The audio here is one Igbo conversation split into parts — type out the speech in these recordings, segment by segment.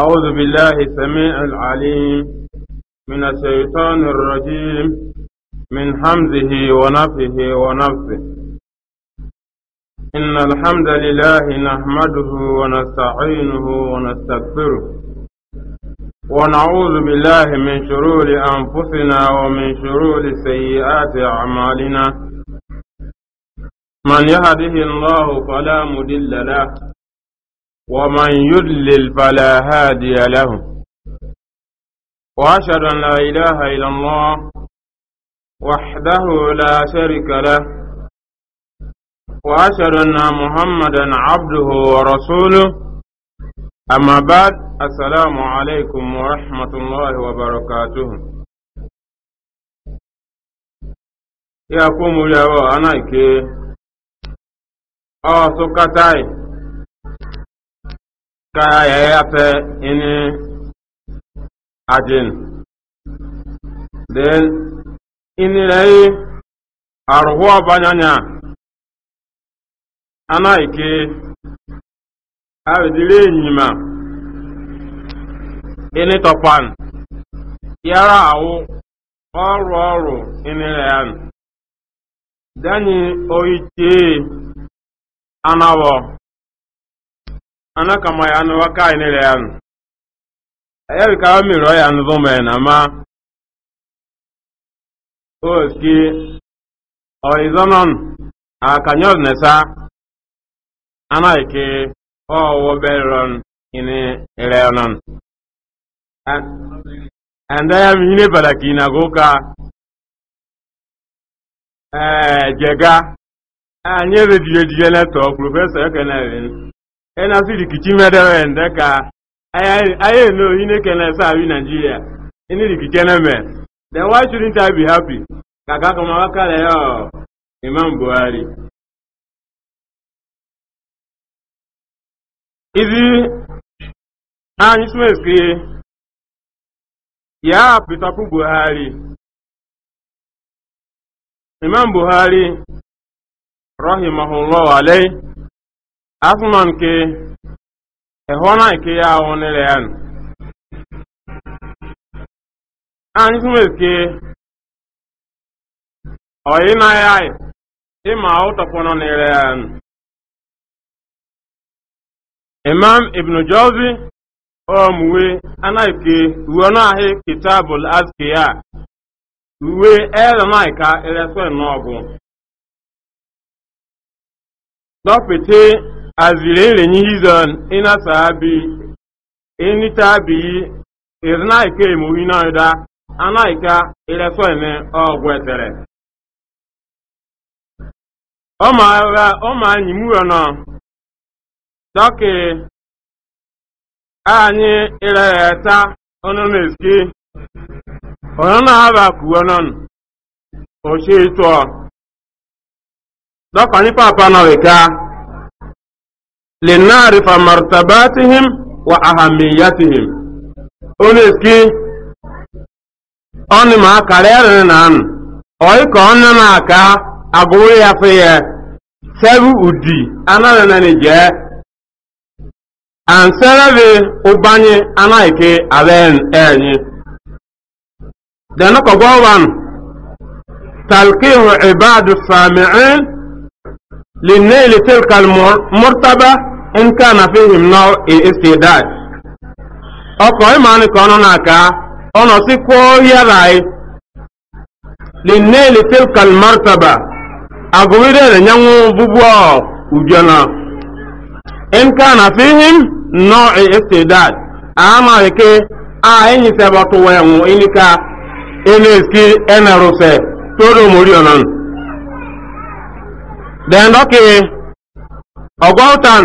أعوذ بالله السميع العليم من الشيطان الرجيم من حمزه ونفه ونفه إن الحمد لله نحمده ونستعينه ونستغفره ونعوذ بالله من شرور أنفسنا ومن شرور سيئات أعمالنا من يهده الله فلا مدل له ومن يدلل فلا هادي له وأشهد أن لا إله إلا الله وحده لا شريك له وأشهد أن محمدا عبده ورسوله أما بعد السلام عليكم ورحمة الله وبركاته يا قوم يا أنا كي أو آه، سكتاي kaya ya ya yate ini ajin then ini rai arhuwa banyanya ana ike a. enyima ini topan yara awụ ọrụ ọrụ ini rayan danyi oitie anawọ ana kama ya anụ aka anyị nere ya nụ ya bụ ka ha mere ọya nụzụ ma na ma oski ọizọnọn akanyọz nesa anaghịke ọwụwa berọn ini ere ọnọn and ya bụ ihe balaki na goka ee jega anyị ebe dije dije na tọọ prọfesọ ekene ena siri kichi medewe ndeka aye no ine kene sawi nigeria ini rikiche na me then why shouldn't i be happy kaka kama wakale yo imam buhari izi anyi smeski ya apita ku buhari imam buhari rahimahullah alayhi asman ke ehona e ke ya wonere yan an sume ke oyina yai ima auto kono nere yan imam ibn jawzi o muwe anaike uwe na ahi kitabul azkiya uwe ele naika eleswe n'ọgụ dọpịtị azire irenyi hizon ina sahabi ini tabi irna ike mu ina da ana ika ire so ene ogwe tere o ma ra o ma nyi mu ona doke anyi ire ta ono meski ono na aba ku ono o se to ni papa na we لنعرف مرتباتهم وأهميتهم أولئك أن ما كررنا أن أيك أن ما كا أقول يا في سبو أدي أنا لنجى أن سلبي أباني أنا إك أبين أني دنك قوان تلقيه عباد السامعين لنيل تلك المرتبة nke a na fihim esi istidad ọkọ ịmanụ ka ọnụ na-aka ọ ọnọ si kwuo yarai linneli tilkal martaba agụwide da nyanwu bubuo ujona nke a na fihim nọ istidad a ama ike a enyi sebọtụ wenwu inika eneski eneruse todo morionon then okay ọgwọtan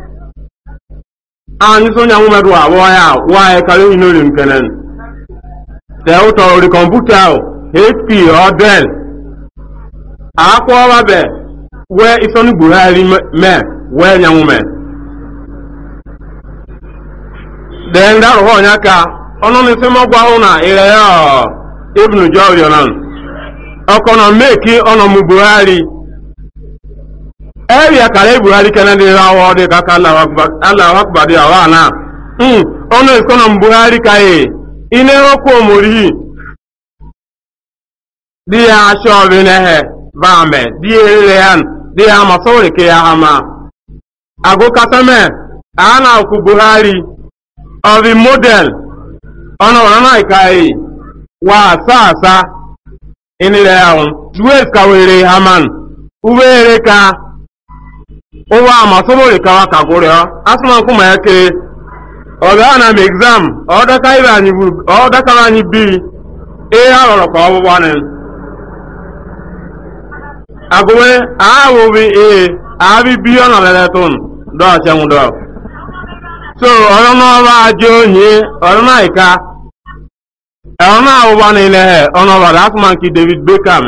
anyị sonya nwụmedụ abụọ ah, ya ya nwaanyị karịa inori nkenen te ụtọrori kọmputa ahụ hp ọdel akwọwabe wee isoni buhari mee wee nyanwụme dee ndị arụghọ onye ka ọnụ n'isi mọgwụ ahụ na ire ya ibnu jọrionan ọkọ na meki ọnọmụ buhari area kare buhari kana de rawo de kaka allah akbar allah akbar de awana hmm ono ikono buhari ine di ya sho bine he di ele han di ya masore ke ya ama ago kasame ana ku buhari of the model ono wana kai e. wa ka were ka ụwa ma amasomori kawa kagwụrịọ asụmakwụ ma eke ọbịa na m egzam ọ dakara anyị bi ihe arọrọ ka ọgbụgba nị agụwe ahụghị ee ahụghị bi ọ nọlele tụn dọọchị nwụdọ so ọrụ n'ọrụ ajọ onye ọrụ na-eka ọrụ na-awụgba niile ọnụ ọbara asụma nke david beckham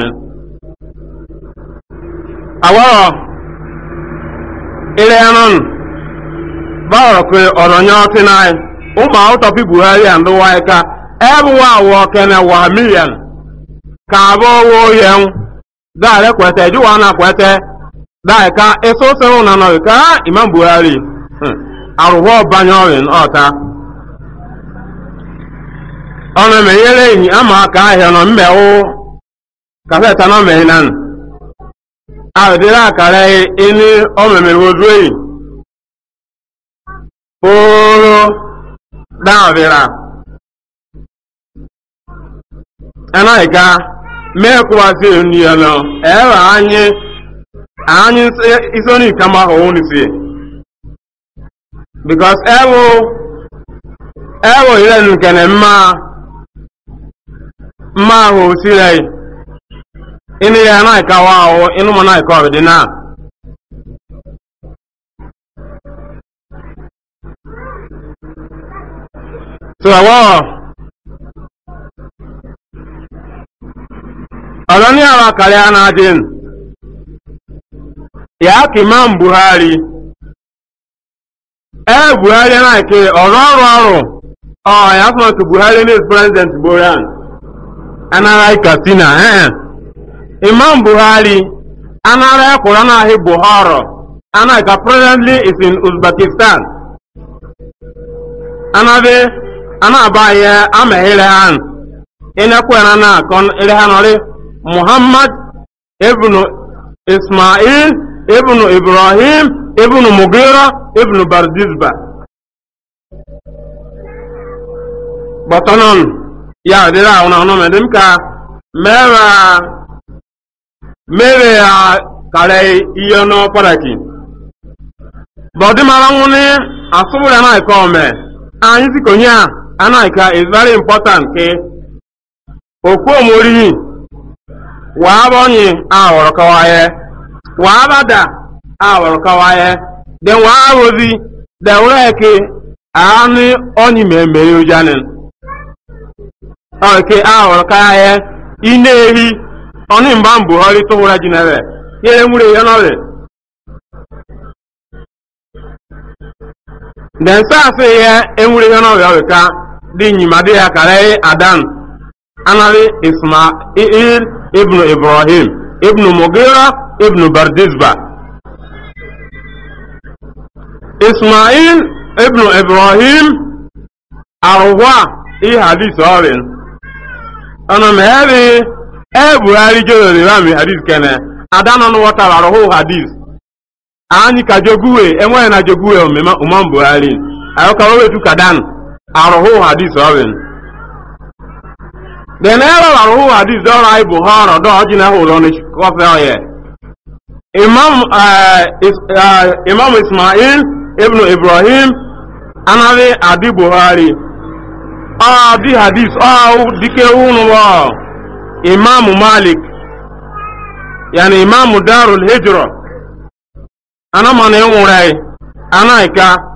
agwọrọ ire anon baro kwe ononyo tinai uma utopi buhari and waika ebuwa wo kene wa million ka bo wo yen dare kwete ju wana kwete dai ka eso se na nọrị ka ime buhari hmm. arwo banyorin ota ọta me yele ama aka nọ àbẹ̀tẹ̀lá àkàrà ilé ọmọmẹ̀wò dúóyì oòrò dáàbìrà ẹ̀nà ìka mẹ́ẹ̀kúwa sí ẹ̀nu ẹ̀nà ẹ̀rọ anyị anyị isoni kama ọ̀hún sí because ẹ̀wò ẹ̀wò ilẹ̀ nìkẹ̀ mma ahụ sí rẹ̀ yìí inu ya anaghịkwa awa ahụ inu na anaghịkwa ọbịdị na so awa ọzọ ní àwọn akàlẹ̀ ah, anadin ya kì máa buhari ẹ eh, buhari anaghịkwa ọrụ ọrụ ọrụ ọ ya sọ na buhari ní president boran anaghịkwa si na eh, eh. Imam Buhari anara Quran ahi Buhara anaka presently is in Uzbekistan anabe anaba ya amehele han ina kwena na kon ile Muhammad ibn Ismail ibn Ibrahim ibn Mugira ibn Barzizba batanon ya dira ona ona mere mera mere ya kare ihe n'ọkparaki bọdịmara nwụnị asụbụrụ anaghịkọ ome anyị onye a anaghịka is very important ke okwu omorihi wàá bọ́nyì àwọ̀rọ̀ kọwáyé wàá bàdà àwọ̀rọ̀ kọwáyé dẹ̀ wàá rozi dẹ̀ wúrẹ́ẹ̀kì onye ọ̀nyì mẹ́mẹ́rin oke ọ̀kẹ́ àwọ̀rọ̀ kọwáyé na ehi onu mba buhari tó wúra jinẹ̀rẹ̀ yẹ́rẹ́ múre yọ́nà rẹ̀ dẹ̀nsáàsì yẹ ewúre yọ́nà rẹ̀ ọ̀rẹ̀ká dí nyìmàdé ya e kàrẹ́ adan anari ismail ibn ibrahim ibn mugira ibn bardizba ismail ibn ibrahim arwa ihadis ọrin ọ̀nà mẹ́rin e buhari jolo rami hadis kene adana no wata waro ho hadis ani ka joguwe enwe na joguwe o mema umam buhari ayo ka wetu kadan aro ho hadis awen den era waro ho hadis do rai buhari do ajina ho lo ni ko fe oye imam eh, eh, imam ismail ibn ibrahim anawe adi buhari ah di hadis ah dike unu wa imamu malik yani imamu darul hijra ana mana enwurai ana ika e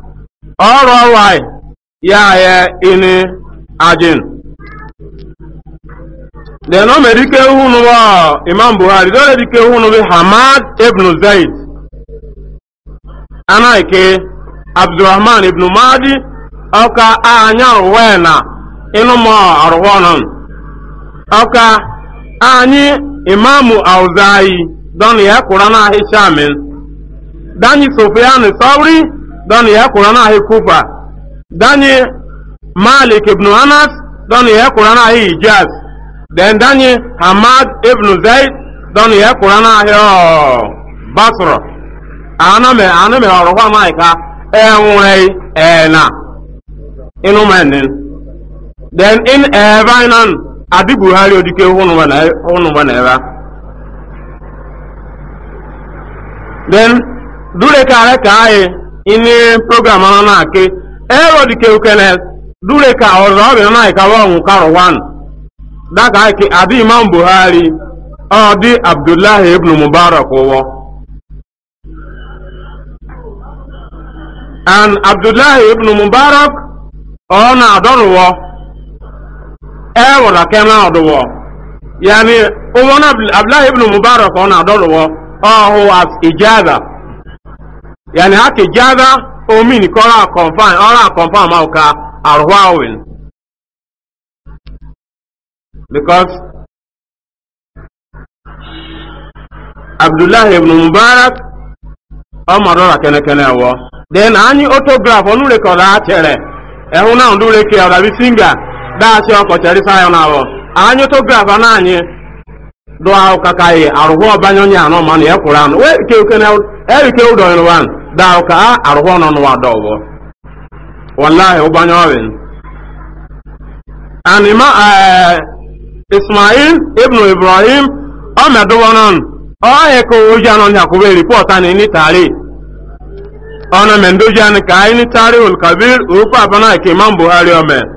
ọrụ ọrụ ya ya ini ajin da o mere ike hunu n'ụwa imam buhari dole dike hunu n'ụwa hamad ibn zaid ana ike e abdurrahman ibn madi ọka anyaruwe na ịnụ ma arụwa nan ọka anyị imamu auzayi don ya kura na ahi shamin danyi sufyan sauri don ya kura na ahi kufa danyi malik ibn anas don ya kura na ahi den danyi hamad ibn zaid don ya kura oh, e e na ahi basra aname aname ọrọ maika enwe ena inu menin den in evinan adị buhari odike ụnụma na ebe then dure kare ka anyị ini program anọ na akị ero dike ukene dure ka ọzọ ọbịa na ịkawa ọnwụ karo wan daka anyị adị imam buhari ọ abdullahi ibn mubarak ụwọ and abdullahi ibn mubarak ọ na-adọrụwọ ɛwɔda kɛm na yani ɔwɔn abdullahi ibn mubarak ɔna adɔdowɔ ɔho as ijaza yani haka ijaza omin kɔra akɔnfan ɔra akɔnfan ma ɔka arwawin because abdullahi ibn mubarak ɔma dɔra kɛnɛkɛnɛ ụwa then anyi autograph ɔnu rekɔda akyerɛ na singer daasị ọkọchari sayọ na abụọ anyị tograf na anyị do aw eh, ka arhuwa banyo nya no man ya qur'an we ke ke na e ke do no wan da ka arhuwa no no wado bo wallahi u banyo wen ismail ibnu ibrahim o oh, me do wonon o oh, e ko ndị jano nya ko be report ani ni tare ona me ka ni tare ul kabir u pa bana ke imam buhari o oh,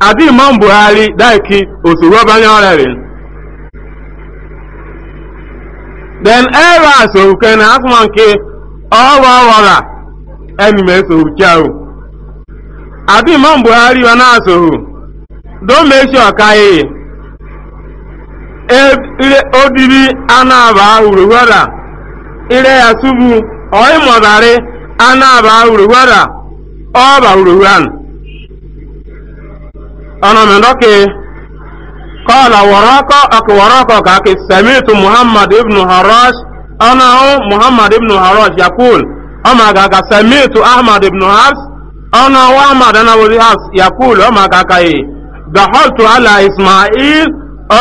adị imam Mbugharị daiki osuru ọbanye ọrịarị then era sohuke na asụma nke ọrụ ọrọra emime sohuke ahụ adị imam buhari wa na-asohu domeshi ọkaghị e e odiri anaba uruwara ire ya tubu oimọdari anaba uruwara ọba uruwara أنا من ركي قال وراك أك وراك كاك سمعت محمد ابن هراش أنا محمد ابن هراش يقول أما كاك سمعت أحمد ابن هرس أنا وأحمد أنا ولي هرس يقول أما كاك دخلت على إسماعيل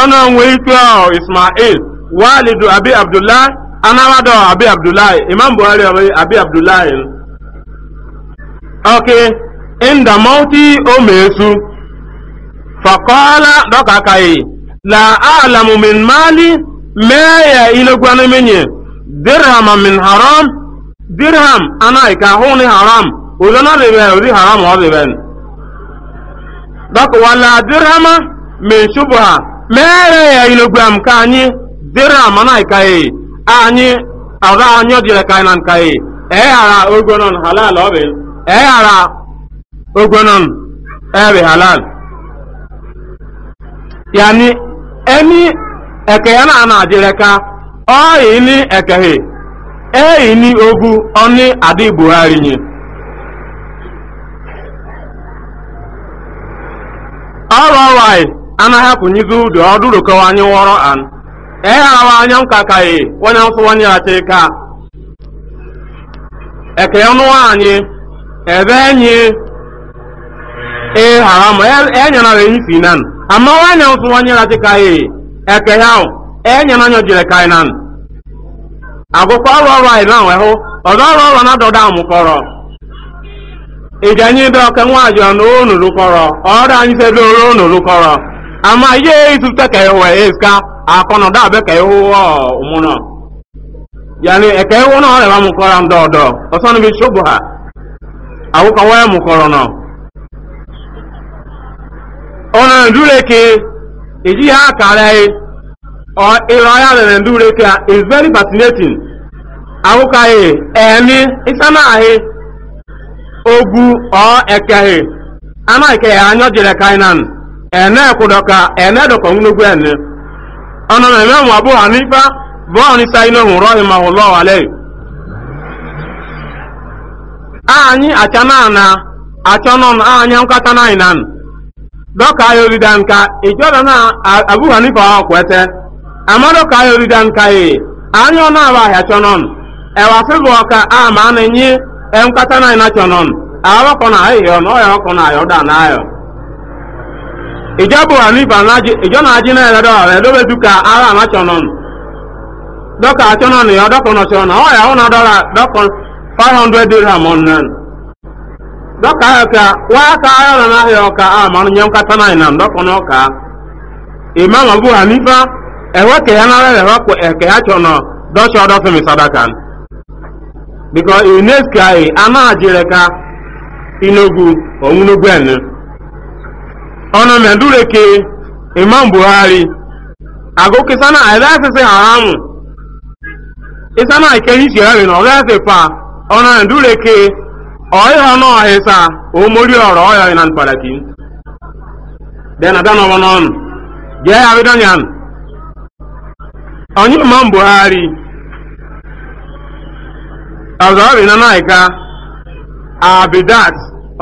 أنا ويكاو إسماعيل والد أبي عبد الله أنا ودو أبي عبد الله إمام بوهاري أبي عبد الله أوكي عند موتي أميسو fakọ́lá dọ́ka kayi la alamu min mali meya ilo gwanu minye dirham min haram dirham ana ka huni haram ulona ribe uri haram wa ribe dọ́ka wala dirhama min shubha meya ilo gwam ka anyi dirham ana kayi anyi aga anyo dire kainan kayi e ara ogonon halal obin e ara ogonon ebe halal yani emi eke ya na ana ajireka oyi ni ekehe eyi ni ogu oni adi buhari nye ọrụ anyị anaghị akwụnyizi ụdị ọdụrụ kọwa anyị wọrọ an egharawa anya nka ka yi nsọ nsụwanye achị ka e, eke ọnụwa anyị ebe enyi ịghara e ma enyere e ehi si nan amma wani wasu wani rati kayi eke yawo enye na nyojire kayi nan agụkọ ọrụ ọrụ na nwe ọdọ ọrụ ọrụ na dọda anyị dị nwa na kọrọ ọrụ anyị ọrụ onulu kọrọ ama ihe ka e, ka yani eke na e ọsọ bi ha agụkọ nọ ọ̀nà ìdúrèké èyí ha kàrẹ́ ìrọ̀yà rẹ̀ a is very fascinating àwòkàyè ẹ̀ẹ́ni ìsánáàhì ogu ọ̀ ẹ̀kẹ̀hì anáìkẹ̀hì anyọ́jẹ̀rẹ̀ kainan ẹ̀ẹ́nẹ́ ẹ̀kúdọ̀ka ẹ̀ẹ́nẹ́ ẹ̀dọ̀kọ̀ ńlógún ẹ̀ni ọ̀nà mẹ́mẹ́ wọn abúrò àníbá bọ́ọ̀ ní sáyé náà rọ́ ìmọ̀hùnlọ́ wàlẹ́ ààyè àtsánáà na àtsọ́nà ààyè ńkátá náà dɔka ayɔrida nka ìjọba na abu hanifa wa kwɛtɛ ama dɔka ayɔrida nka yi anyɔ náà wa ahɛtɔ nɔn ɛwà fífò ɔka ama ne nyi ɛnkata náà na tɔ nɔn àwọn kɔnà na n'ɔyɔ kɔnà ayɔ dà n'ayɔ ìjọba hanifa ìjọ náà na-ajị yɛrɛ dɔ ɛdó bɛ ara ama ọ ya dirham dɔka ka waa ka ayɔrɔ na yɔ ọka a ma nyɛ ka tana yi na dɔkɔ nɔ ka imam abu n'ifa ɛwɔ kɛyɛ n'ala yɛrɛ ɛwɔ kɔ ɛkɛyɛ tsɔ nɔ dɔtsɔ dɔ sadaka because ka yi ana ka inogu ɛni buhari ago kisana ɛdɛ haramu ɛri ɔdɛ ọyọ náà hesa omori ọrọ ọyọ inan palaki den adan ọwọ nọn jẹ abidanyan onye imam buhari ọzọbi na naika abidat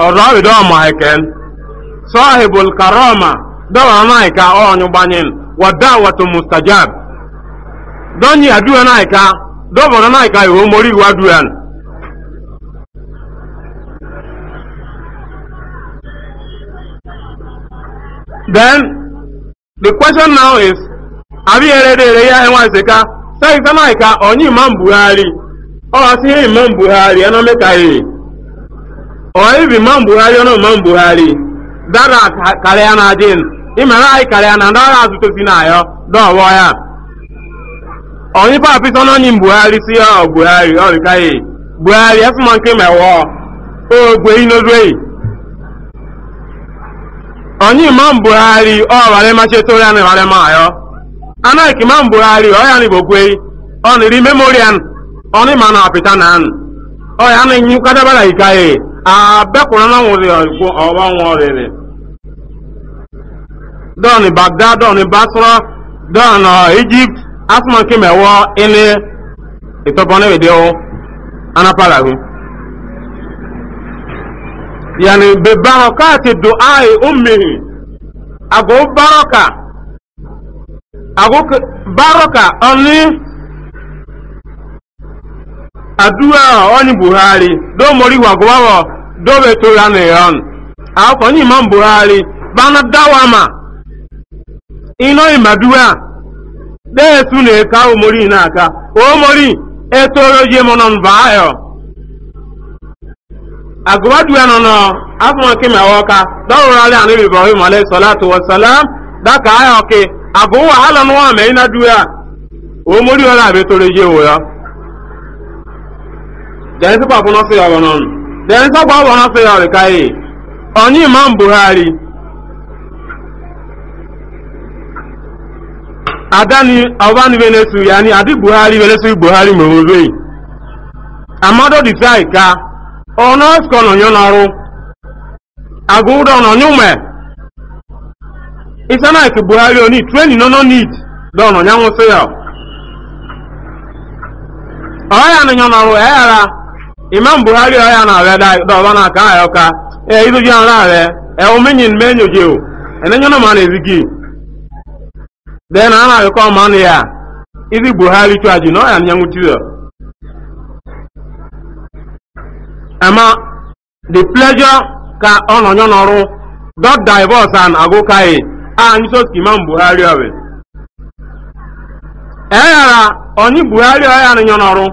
ọzọbi dọ ọmọ eken sọhibul karoma dọwọ naika ọnyụ gbanyin wada watu mustajab dọnyi aduwa naika dọbọ naika ihu omori wa duyan Then, the question now is, have you heard the Reya Henwaiseka? Say, Samaika, only Imam Buhari. Or I see Imam Buhari, and I make a Or if Imam Buhari, or Imam Buhari, that are na Jin. Imara Kalyana, that are Zutusinayo, don't worry. Only Papi Son on Buhari, si or oh, Buhari, or oh, Kai. Buhari, yes, man came a war. Oh, Gwaino's onye imam buhari ọ wale machetori anị wale mayo anaghị imam buhari ọ ya ni gbogwe ọ niri memorial ọ ni mana apịta na anụ ọ ya ni nyi kadabara ika ye abekwuru na nwụrụ ọgwụ ọwa nwa ọrịrị dọni bagdad dọni basra dọni egypt asụmanke mewo ịnị ịtọpọ na-edewo anapalaghị yani be du'ai ummihi ago baraka ago baraka oni adua oni buhari do mori wa gwawo do be ya ne yon ako ni imam buhari bana dawama ino imadua de su ne ka o mori na o mori agụba duya nọ nọ asụma nke ma wọka dọwụrụ ala anabi ibrahim alayhi salatu wa salam daka ayọ ke agụwa ala nwa ma ina duya o mori ala abe tore je wo ya den sipa fun no se ya wono den sa gba wono se ya re kai e. onyi imam buhari adani awani venesu yani adi buhari venesu buhari mo wo e. amado di sai onu ọ̀sùkọ̀ nà yọ́n narụ agụụdọ na nyụmẹ buhari oni treni no no need don nọ nwụsị ya ọya nà yọ́n narụ imam buhari ọya na rẹ dọba na aka ayọ ka izu ji ara rẹ ẹ omenyin menyoje o ẹnẹnyọ nà ma nà ezigi dẹ na ana ayọkọ ma ya izi buhari chọajị na ama the pleasure ka ọ nọ nyọ n'ọrụ dot divorce and agụkaghị e, a nso imam buhari ọbụ eghara onye buhari ọya nyọ n'ọrụ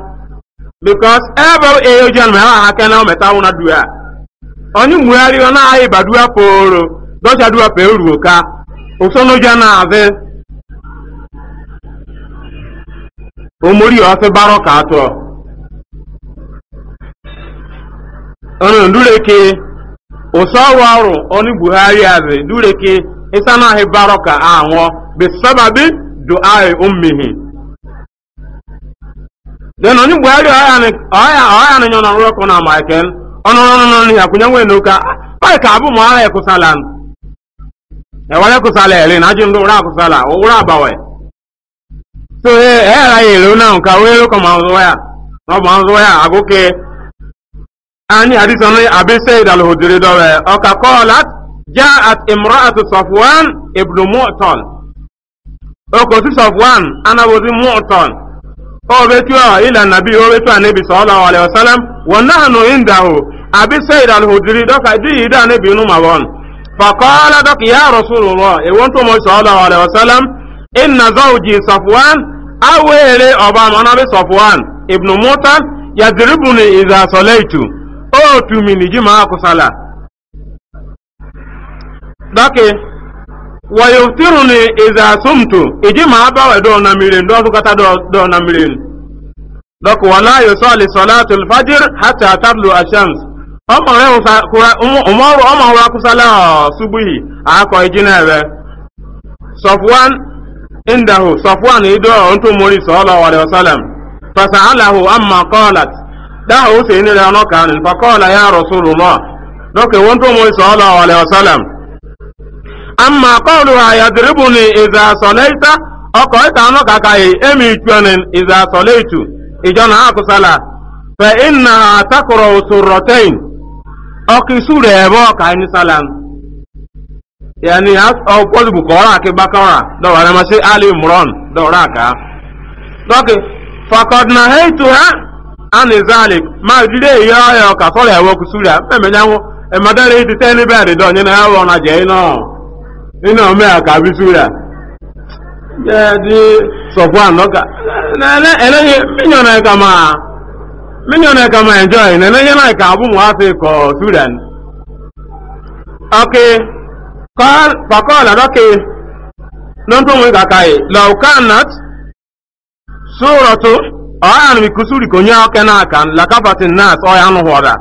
because ebe eyo jan ma ha aka na ometa wuna dua onye buhari ọ na ịba dua poro dọcha dua pe ruo ka ụsọnoja na-avị omori ọsị barọ ka atọ ọnụ ndureke ụsọ ọrụ ọrụ ọnụ buhari azị ndureke ịsa na ahị barọka anwụọ bisababi duai ummihi then ọnụ buhari ọya na nyọnọ rọkọ na michael ọnụ ọnụ ọnụ ya kwụnye nwee n'ụka ọyị ka abụ mụara ya kụsala ẹwàrẹ kụsala na ajị ndị ụra kụsala ụra abawẹ so ẹ ya ra ya elu ahụ ka wee rọkọ ma ọzọ ya ọ bụ ọzọ ya agụke ani hadisan ni abi sayyid al-hudri dawe oka qalat ja'at imra'atu safwan ibn mu'tal oko si safwan ana wozi mu'tal o be tuwa ila nabi o be tuwa nabi sallallahu alaihi wasallam wa nahnu indahu abi sayyid al-hudri doka di ida nabi nu mawon fa qala dak ya rasulullah e won to mo sallallahu alaihi wasallam inna zawji safwan awere oba mo na be safwan ibn mu'tal yadribuni otu mini ji ma akwụsala dọkị wayoftiru ni iza asumtu iji ma abawe dọọ na mmiri ndị ọzụkọta dọọ na mmiri dọkị wala yosọli solatul fajir hata tablu ashams ọmọrụ ọmọrụ akwụsala subuhi akọ iji na-ewe sọfwan indahu sọfwan ido ntụ mori sọlọ wàlẹ wasalam fasahalahu amma kọlat daha o sey nira no kan fa qala ya rasulullah doke won to mo sallallahu alaihi wasallam amma qawluha yadribuni idha salaita oko ita no kaka yi emi tuanin idha salaitu ijo na akusala fa inna takra surratain okisure ebo kan salam yani ọpọlù bukọrọ àti bakọrọ dọwọ àrẹmọsí ali imran ha ani zalik ma jide yo yo ka sore ewo kusura me me nyawo e madare ti teni be ade do nyina awo na je ino ino me aka bi sura ya di sofwa no ka na na ele minyo na ka ma minyo na ka ma enjoy na na yana ka abu mu afi ko sura okay qal pakola qala okay non to mu ka kai e. law kanat suratu ọ̀hán mi kùsùrì kò ní ọkẹ́ náà kan lakabatin náà sọ ya nù hùwàdà.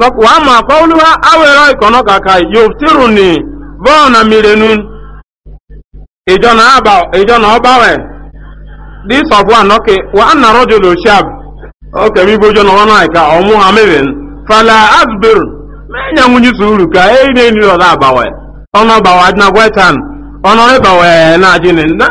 lọ́kùn wàá mà kọ́ olúwa awẹ́rọ ìkànnà kàkà yóò tìrù ní bọ́ọ̀nà mìrẹ̀nu ìjọ náà ịjọ na dí sọ̀bù dị wàá nà rọ́jò lò ṣáàb ọkẹ́ mi bójú náà wọn náà ìka ọ̀mú hamirin fàlà asbir mẹ́nyà ń yí sùúrù ká èyí ní ìlú ọ̀dà àbàwẹ̀ ọ̀nà àbàwẹ̀ àdínàgbẹ́tàn ọ̀nà ìbàwẹ̀ náà jìnnì náà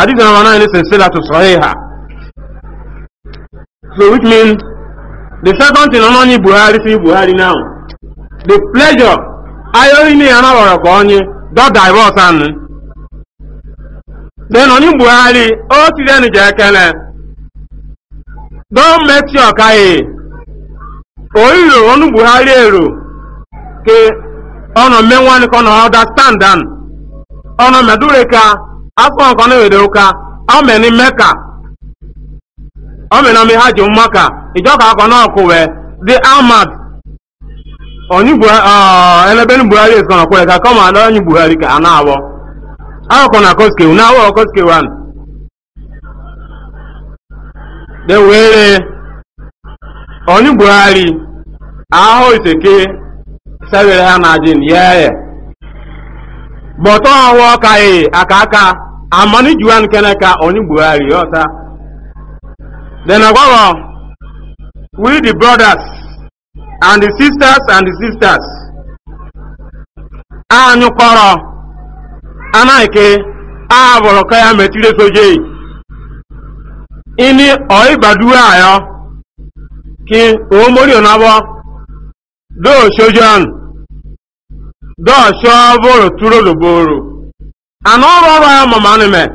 hadith number nine is silsilatu sahiha so which means the second thing ọ̀nà ní buhari sí buhari now the pleasure ayọ́rí ní anáwọ̀rọ̀ kọ́ ọ́nyé dọ́ divorce àná then ọ̀ní buhari ó ti rẹ́nu jẹ́ kẹlẹ̀ don make sure káyè oríro ọ̀nù buhari èrò ke ọ̀nà mẹ́wọ́n ni kọ́nà understand dan ọ̀nà mẹ́dúrẹ́ka. afọ ọkọ na-ewere ụka ọmịnị meka ọmịnị ha ji mmaka ịjọka akọ n'ọkụ wee dị onye bu ahmad onyeelebeni buhari esikọna kwere ka kọma ada onye buhari ka a na-awọ akụkọ na koskewu na awọ koskewan de were onye buhari ahụ iseke sewere ha na jin yee bọtọ ọwụ ọka aka aka amani juwan kene ka oni buhari yota then agogo we the brothers and the sisters and the sisters anyu koro anaike a boro ka ya metire soje ini oi badura ayo ki o mori onabo do sojan do so boro turo and all ọrụ ahụ mama anụ mee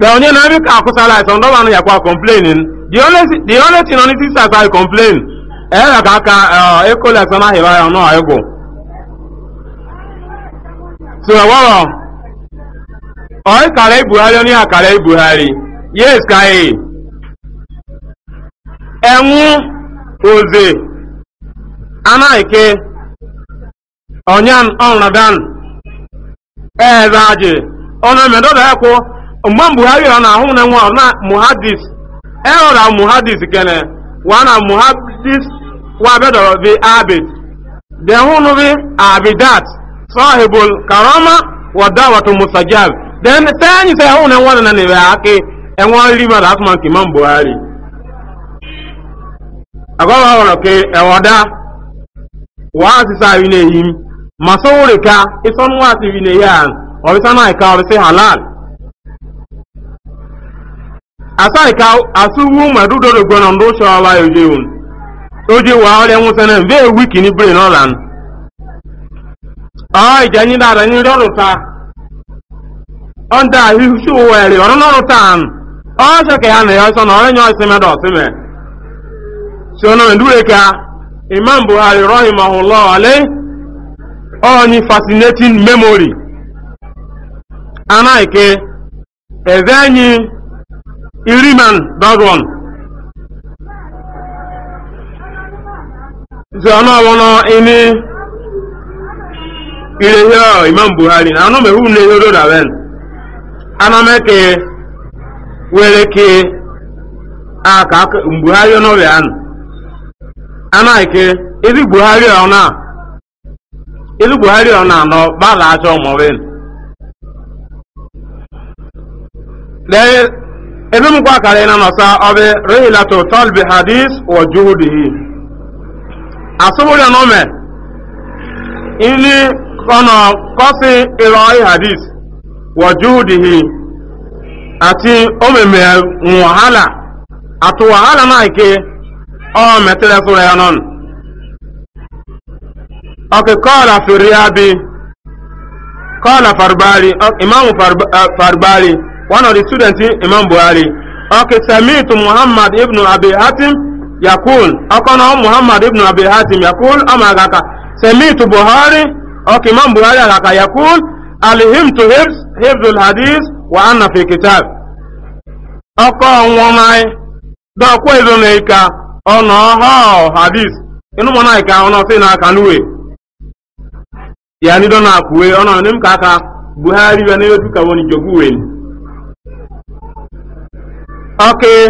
na onye na ebe ka akwụsala ịsọ ndọba anụ complaining the only the only thing only six as i complain aka ekola ịsọ na ahịrị ahụ nọ egwu so ewọrọ ibuhari onye akara ibuhari yes ka enwu oze anaghị ke onyan ọnradan ebe aje ọnụ emedodo ekwu mgbe buhari ọ na-ahụ na nwa na e muhadis ehụra muhadis kene wa na muhadis wa bedoro bi abid de hunu bi abidat sahibul karama wa dawatu musajab den tanyi sai hunu nwa na ne ake enwa rima da asman kiman buhari agbawa ọrọ ke ẹwọda e wa asisa yi na-eyi masauri ka nwa wati na ya, obisa na ka obisa halal asa ka asuwu madudo do gbono ndo so ala O oje wa ole nwusa na ve wiki ni brain olan ai janyi da da ni do ta onda hi su were no ta an o so ke yo so no nyo se me do se me so no ka imam buhari rahimahullah alayhi onye fascinating memory anaghịke eze anyị iriman dọgọn zi ọnụ ọbụna ini irehie imam buhari na anụ mehu na na wen anameke were ke aka mbuhari ọnọbịa anụ anaghịke ezi buhari ọnụ a ilu buhari ọ na-anọ gbalị achọ ọmọwe ebe m kwa akara na nọsa ọbị rehilatu tolbi hadis wa juhudihi asụbụrị ọnọme ili kọnọ kọsị ịlọ hadis wa juhudihi ati omeme nwahala atụ wahala na ike ọ metere sụrụ ya nọnụ ok kola firiyabi kola farbari okay, uh, imam Farb uh, one of the students imam buhari ok samitu muhammad ibn abi hatim yakul ọkọna muhammad ibn abi hatim yakul ọmọ agaka samitu buhari ok imam buhari agaka yakul alihimtu hibs hibsul hadis wa anna fi kitab ọkọ nwanai dọkwa ezo na ika ọ hadis inú mọ náà ìka ọ náà kanúwe yani do na kuwe ono nim kaka buhari wa neyo tuka woni joguwen okay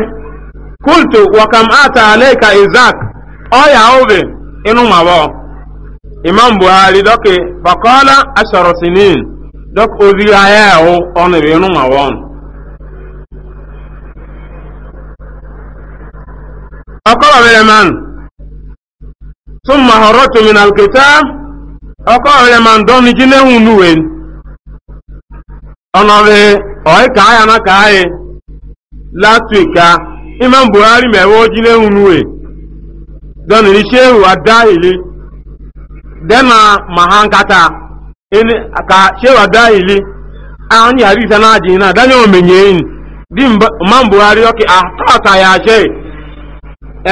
kultu wa kam ata alayka izak oya ove inu mawo imam buhari doke faqala ashara sinin dok ozi aya ono be inu mawo akola bere man ثم هربت من الكتاب ọkọ ọrịa ma ndọ ni ji nenwu nuwe ọnọdụ ọyị ka ahịa na ka ahị last week ka imam buhari mewe oji nenwu nuwe dọniri shehu adaili dena ma ha nkata ka shehu adaili anyị hadisa na adịghị na adanye omenyein di imam buhari ọkị ka ya she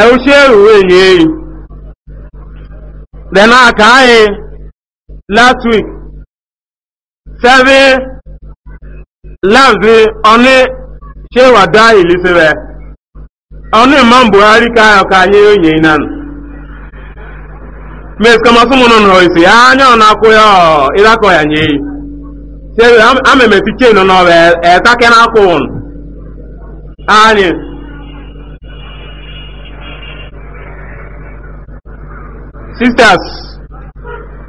ewu shehu wenyein dena ka anyị. last week sẹ́fẹ́ láàbí ọ̀ní ṣé wà dá ìlú síbẹ̀ ọ̀ní ka buhari ká ọ̀ka ayé oyè iná nù mẹ́sì kọ́mọ́ súnmọ́ nínú ìsì ányá ọ̀nà akóyọ̀ ìdákọ̀ ẹ̀yẹ yìí ṣé amẹ̀mẹ̀ ti kéènù náà ọ̀bẹ̀ ẹ̀ẹ́ta kẹ́ náà kó wọn sisters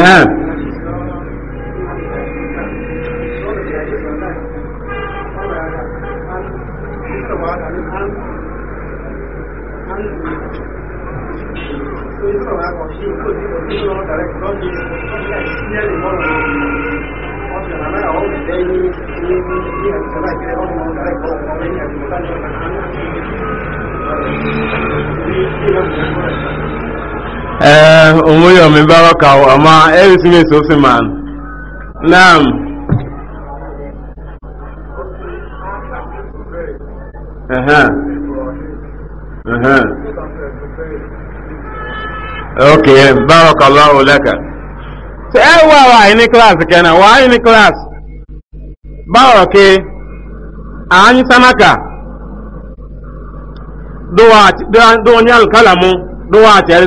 ها min baraka o amma ebi su mai man na'am aha aha okay baraka allah eh, wa wa ni class kenan wa ni class barake an samaka duwa duwa duwa ni alkalamu duwa tare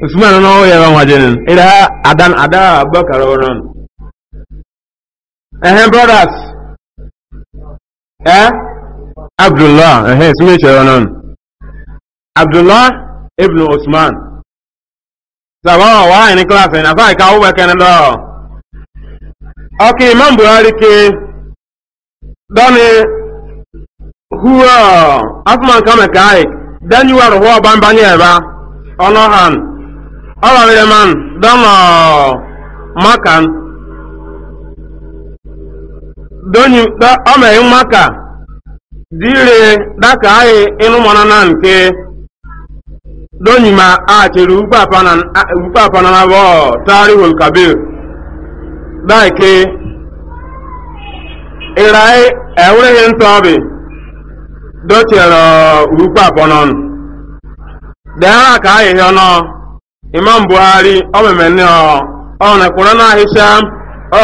usman na ya ba wajen ira adan ada abubakar wannan eh brothers eh abdullah eh sume ce wannan abdullah ibn usman sabawa wa ni class na fa ka uwe kan do okay imam buhari ke dani huwa asman kama kai dan yuwar huwa ban ban ya ba ono han ọba mere man dọnọ maka donyi ọma eyi maka dire daka ayi inu mọna na nke donyi ma a chere ugbo apa na na bọ tari hol kabir daike irai ewureghi e ntọbi dochere ugbo apa nọ da ka ayi nọ imam buhari ọ, omemene ọ̀nà kùránà hisham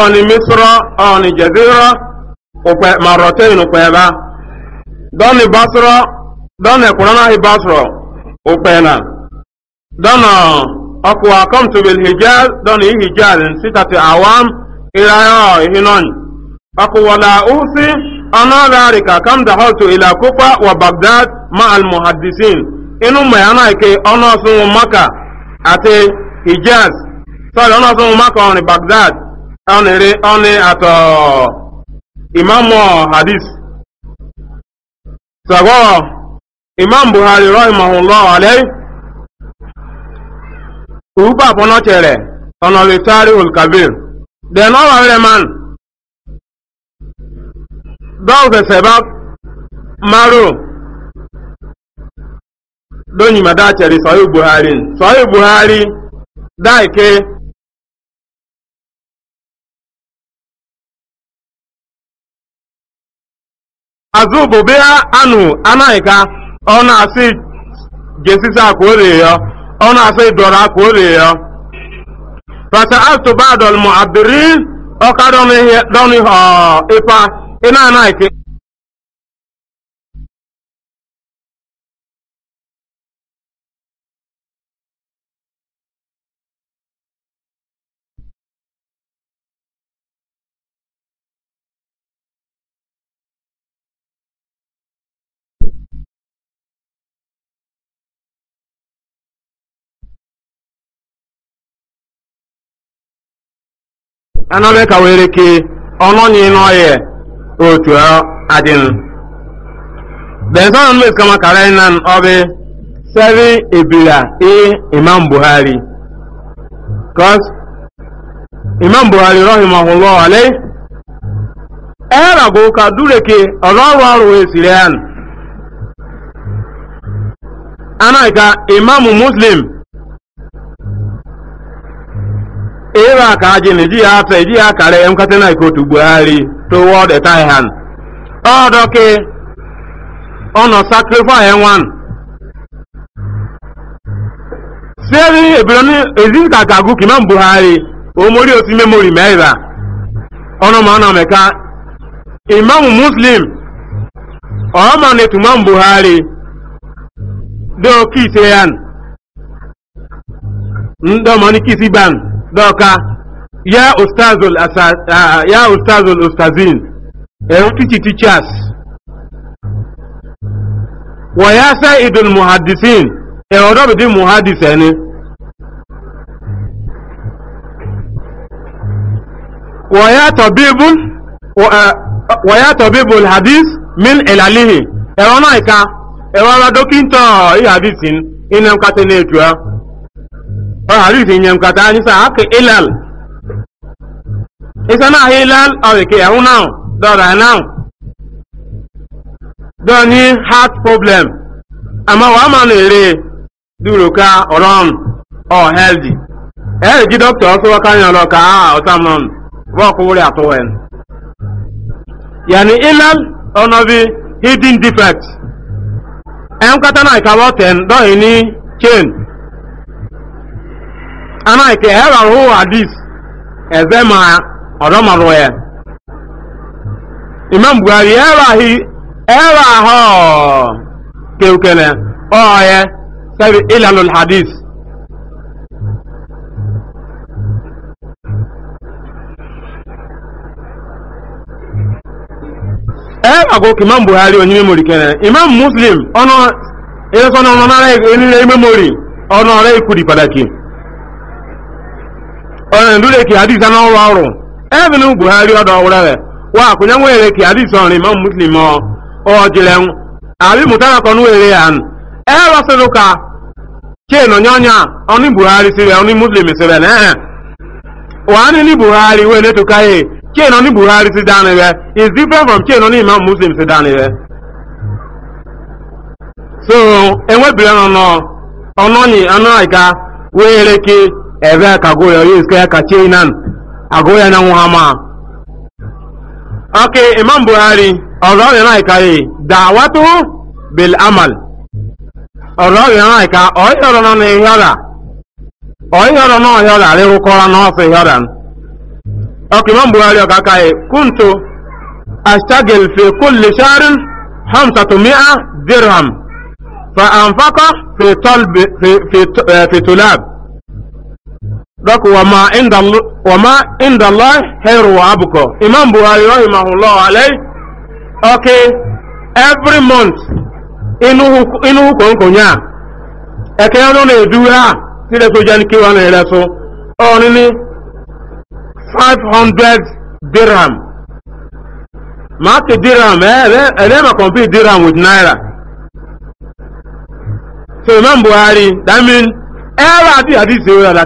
ọ̀nà misro ọ̀nà jazira marotain kweba dọ́nà basro dọ́nà kùránà ibasro ukwena dọ́nà ọkọ̀ akọ́mtubil hijaz dọ́nà ihijaz sitati awam irayo ihinon ọkọ̀ wọ̀là úsí ọ̀nà kam kamda hotu ila kufa wa bagdad ma al muhaddisin inu mai ana ike ọ̀nà sun maka àti hijaz sọ́ọ̀dọ̀ ọ̀nà ọ̀sán mọ́kàn ọ̀rìn baghdad ọ̀nì àtọ̀ ìmáàmù hadith sọ̀gọ́ ìmáàmù buhari rọ́ ìmọ̀hún lọ àlẹ́ ìwúgbà fọ́nọ́tẹ̀rẹ̀ ọ̀nà lè tari olùkàbír dẹ̀ náà wà rẹ̀ man dọ́ọ̀fẹ̀sẹ̀ bá márùn-ún donyi ma daa chere sahih buhari sahih buhari daa ike azubu biya anu anaika ọna asị jesisa ka o ree ya ọna asị dọra ka o ree ya fata altu ba dọl mu abiri ọka dọnu ihe ipa ina anaika anọbe ka were ke ọnọnyi n'ọyẹ otu ọ adịn bẹnsọn nnu kama kara nan ọbẹ 7 ebira a e imam buhari cause imam buhari rahimahullah alay ẹ̀rọ e bụ ka dureke ọrụ ọrọ̀ esiri ya anaghị ka imam muslim a ka aji na eji ya ata eji ya akara ya nkata na ikotu buhari toward a taihan ọdọ ọnọ sacrifice nwan sẹ́rí ebìrọ̀ ní èzí kàkàgù kìmọ̀ buhari omori osi memory mẹ́rìnlá ọ̀nà mọ̀ ọ̀nà mẹ́ka imam muslim ọ̀ọ́mọ̀ ni tùmọ̀ buhari dọ́ọ̀ kìí sẹ́yàn ndọ́mọ̀ ní kìí isi dɔka ya ustazul asa uh, ya ustazul ustazin ɛwɔ titi teachers wɔ ya sa idul muhadisin ɛwɔ dɔ bi di muhadis ɛni wɔ ya tɔbibul wɔ ya tɔbibul hadis min ilalihi ɛwɔ náà ika ɛwɔ ala dɔkintɔ ihabisin ina nkata na etua. ọ hadithi nye nkata anyị sa aka ilal isa na ahịa ilal ọ dị ka ahụ now dọra now dọni heart problem ama wa ma na ere duro ka ọrọn ọ healthy ẹ e, ji dọkịta ọsọ waka nya lọ ka a ọta m nọn wọọkụ wụrị atọ wẹn yani ilal ọnọbi hidden defect ẹ e, nkata na ịkabọ ten dọghị ni chain ana ke era ru hadis eze ma ọdọ ma ru ya imam buhari era hi era ho keukene oye sabi ilalul hadis era go imam buhari onye memori kene imam muslim ono na sono ono na ile memory ono re ikuri padaki ọ̀rẹ́ ìdúlé kì hadith n'ọrụ ọrụ ebe ẹ́bìnú buhari ọ̀dọ̀ ọ̀rẹ́ rẹ̀ wà àkúnyẹ́ ń wèrè kì hadith ọ̀rìn muslim ọ ọ̀jìlẹ̀ ń àbí mùtára kan wèrè yàn ẹ́ lọ sínú ka ṣé ìnànyọ́nyà ọ̀ní buhari sí rẹ̀ ọ̀ní muslim buhari wé ní tukáyé buhari si dání is different from imam muslim so enwebìrẹ́ ọ̀nà ọ̀nà ọ̀nà ebe ka goya yi iska ka ce nan a goya nan hama ok imam buhari ọ̀rọ̀ rẹ̀ náà ka yi dàwátú bil amal ọ̀rọ̀ rẹ̀ náà ka ọ̀yọ̀rọ̀ náà ni yọ̀rà ọ̀yọ̀rọ̀ náà yọ̀rà ríru kọ́ra náà fi yọ̀rà ok imam buhari ọ̀ka ka yi kuntu ashtagil fi kulli sharin hamsatu mi'a dirham fa anfaqa fi tulab dɔk wama indallah hairu wa abuko imam buhari rahimahullah alai ok every month inu hukonkonya eke yano na edu ha ti da sojan kewa na ere so oni ni 500 dirham ma ke dirham eh ere ma compete dirham with naira so imam buhari that means era adi hadisi ora da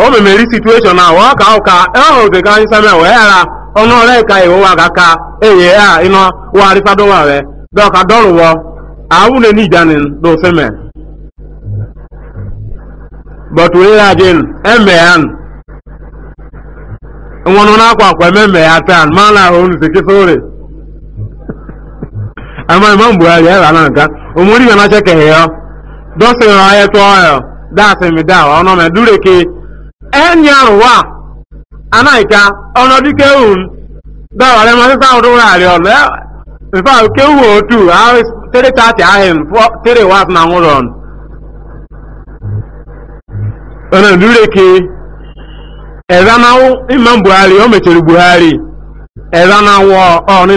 o memeri situation a ọ ka ụka ehụdịga anyị samia wee ghara ọnụ ọrụ ka iwu wa gaka eye ya ịnọ warịfadowa we dọka dọrụwọ awụne n'ijanin doseme but wee rajin emeyan nwụrụ n'akwa akwa ememe ya taa ama nka na ya tụọ ya daasị daa ẹ̀yà wà anáìka ọ̀nà díkẹ́hùn dáwàrẹ́ mọ́ sísá ọrịa ọrịa ọrịa ìfà kéwù òtù tẹ́rẹ́ tààtì ahìm tẹ́rẹ́ wà sí àwọn ọ̀rọ̀ ọ̀nà ìdúrẹ́kẹ́ ẹ̀zánáwó imam buhari o mẹ̀tẹ̀rẹ̀ buhari ẹ̀zánáwó ọ̀ní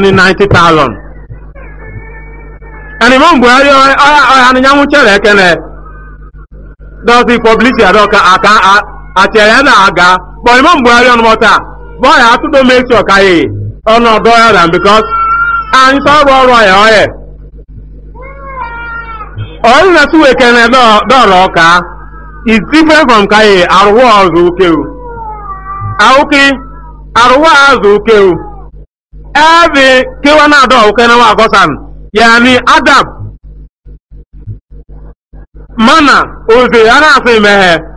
90,000 buhari publicity achịara ya na-aga kpọọ imam buhari ọnụmọ taa ya atụdo mesi ọkaghị ọnọdụ ya na bikọs anyị sọ ọrụ ọrụ ya ọhịa ọrụ na suwe kene ọka is different from kaghị arụwa ọzọ ukewu awuki arụwa azụ ukewu ebe kewa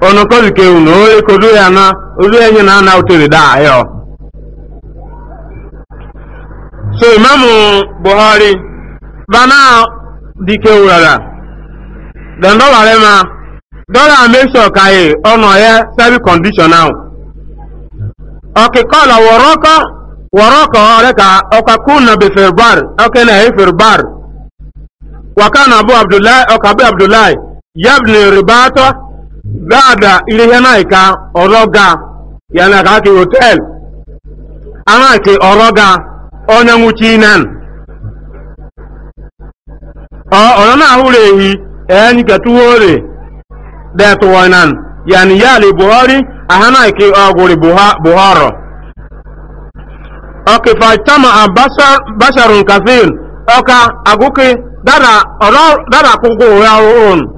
ono kodi ke uno ole kodu ya na ozu enye na na utiri da ayo so imamu buhari bana dike urara dan dollar e ma dollar make sure ka e ono ye service condition now okay call waraka waraka ole ka okakuna be firbar okay na e firbar wakana abu abdullah okabu abdullah yabni ribato Dada ile ihe na ka ọrọ ga ya na ka ke hotel ana ke ọrọ ga onye nwuchi nan ọrọ na ahụrụ ehi ẹni e kẹtuwore dẹtuwa nan yani ya le buhari aha na ke ọgwụrị buhari ọkịfa chama basharun kafin ọka agụkị dada akwụkwọ ụgha ọhụrụ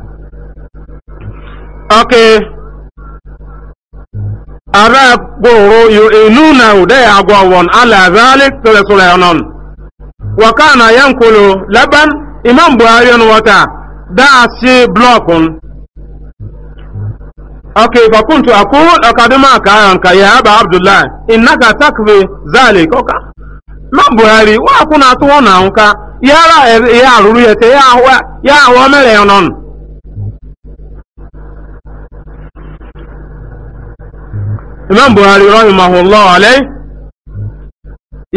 okay ara goro yo na ude agwọ won ala zalik tole tole onon wa kana yankulu laban imam buhari on wata da asi blockun okay fa kuntu aqul akadama ka an ka ya aba abdullah innaka takfi zalik oka imam buhari wa kuna to na nka yara ya ya yete ya wa ya wa mere onon imam buhari rahimahullah alai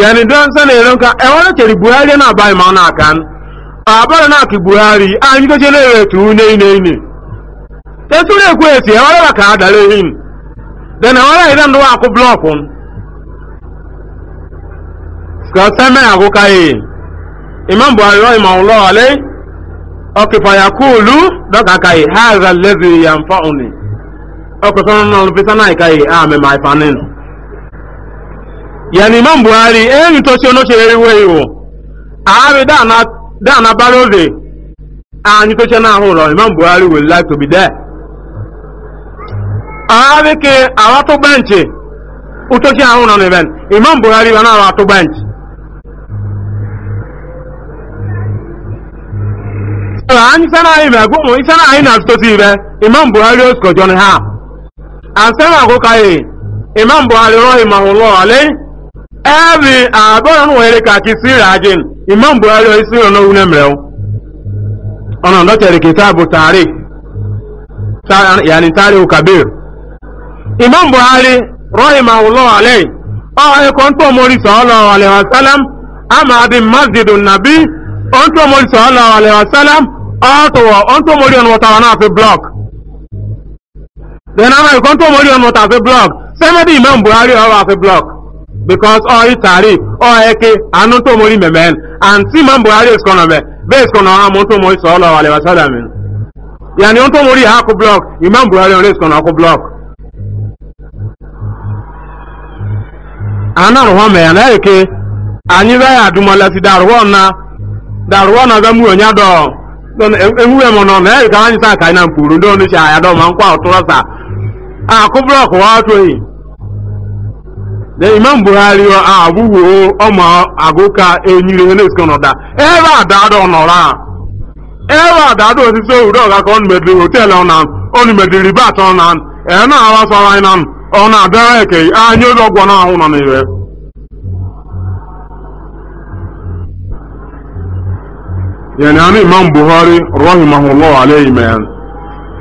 yani don sanin irin ka e wani kiri buhari yana bayi ma na kan a bara na ki buhari a yi gaje ne ya e tu ne ne ne ta e su ne ku esi e, e wani ba ka da lehin da na wani idan da wa ku blokun ka same a ku kai imam buhari rahimahullah alai okifa ya kulu daga kai hazan lezi yamfa'uni ọkọ̀tọ́ náà lọ́pẹ́ sáná ìkáyè àmì máa ìfàní nù yẹni imam buhari ẹni tó ṣe olóṣè eréwé ìwò ààrẹ dáàna báròdè ààyè tó ṣe náà hù rọ imam buhari will like to be there ààrẹ ke àwọn tó bẹ́ǹchì tó ṣe buhari wọn náà wà tó tó ti imam buhari ó ni ha ansana akokaye imam buhari rahimahullah alayhi ẹbi agbọràn wẹrẹ kàkí ajin imam buhari ọyí síra náà wúlẹ̀ mìíràn ọ̀nà ọ̀dọ́tẹ̀rẹ̀ kìtàbù tààrí yàní tààrí imam buhari rahimahullah alayhi ọ ẹkọ ntọ́ mọ́rí sọ́ọ́lọ́ alẹ́wàsálám ama abi masjidu nabi ọ̀ntọ́ mọ́rí sọ́ọ́lọ́ alẹ́wàsálám ọ̀tọ̀wọ̀ ọ̀ntọ́ mọ́rí ọ̀nà wọ́tàwọn náà fi blọọkì then ana ikon to mori ọmọ tafe block sẹ́mẹ́dì imam buhari ọrọ̀ afe block because ọ itari ọ eke anu to mori mẹmẹn and tí imam buhari ìsọ̀nà mẹ bẹ́ẹ̀ ìsọ̀nà àmọ́ tó mori sọ̀rọ̀ lọ́wọ́ alẹ́ wàsálà mi yàní ó mori ha block imam buhari ọ̀rẹ́ ìsọ̀nà kó block. na daruwọ na na eke akụ blọkụ wa atụghị de imam buhari abụwo ọma agụka enyiri ihe na-esikọ n'ọda ebe a ọ nọrọ a ebe a daada osisi owudo ọga ka ọnụ mediri hoteelu ọna ọnụ mediri bat ọna ee na-awa sọrọ anyị na ọ na-abịara eke anyị ụzọ ọgwọ na-ahụ nọ n'ire yani ana imam buhari rahimahullah alayhi man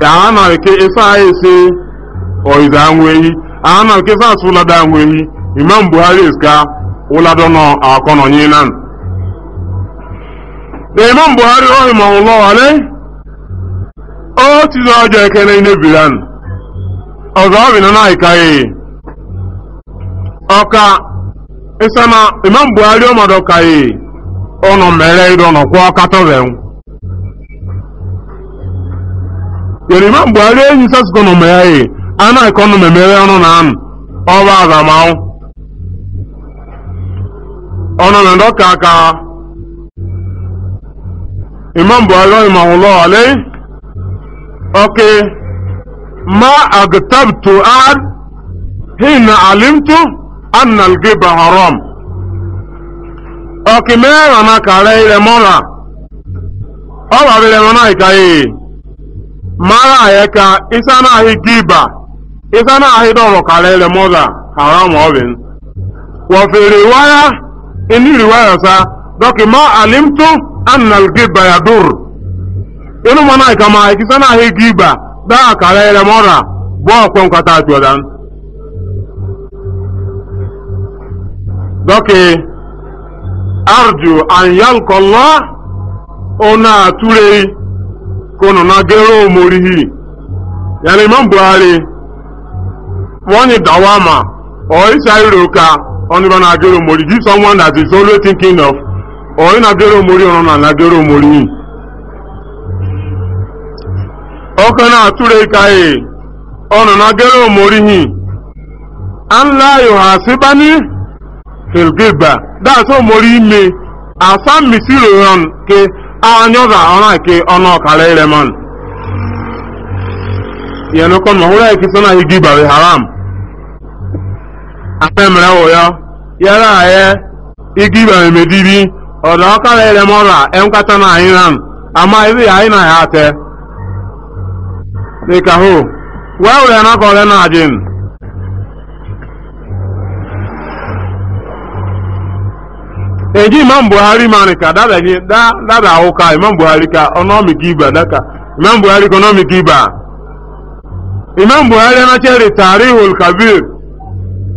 ya ana ịsa isa isi oize enyi, ehi ana nke sas ụlada anwụ ehi imam buhari nọ ụlado nọ akọnọ nyinan da imam buhari rahimahullah alai o ti zo ọjọ ekene inebiran ọzọ ọbi na naikaye ọka isana imam buhari ọmọdọ mere nọkwa ẹ̀yìn sásìkò yìí ana ekonome mere ọnụ na anụ ọba azamanwụ ọnụ na ndọ ka aka imam buhari ọyị mahụlọ ale oke ma agtabtu ad na alimtu anna algiba haram oke mere na na kara ire mọra ọ babere mọna ikaye mara ayeka isa na ahị giba ịsa na ahịdọ ọbọkara ele mọza haram ọbin wọfere waya ini riwaya sa dọkị ma alimtu annal giba ya dur inu mana ika ma ikisa na ahị giba da akara ele mọza bụ ọkwe nkata arju an ona ture na gero yani imam buhari wọ́n dawama or isairoka ọ̀nìbọn nàgẹ́rọ mori give someone that is always thinking of or nàgẹ́rọ mori ọ̀nà nà nàgẹ́rọ mori yìí. ọkàn náà túrẹ̀ ìkàyè ọ̀nà nàgẹ́rọ mori yìí. anla yohan sibani hilgiba dáàtọ̀ mori ime asam misiri hàn ke anyọ́dà ọ̀nà ke ọ̀nà ọ̀kàlẹ̀ rẹ̀ mọ́n. yẹnu kọ́nà wúlẹ̀ kìsọ́nà igi bàbí haram. akpemere ụyọ yara aye igi bere medibi ọdọ ọkara ele mọra emkata na anyị nan ama ibi anyị na ha ate dịka ho wee were na ole na ajin eji imam buhari mani ka dada ji dada mbugharị ka ọnọmi giba daka imam buhari ka ọnọmi giba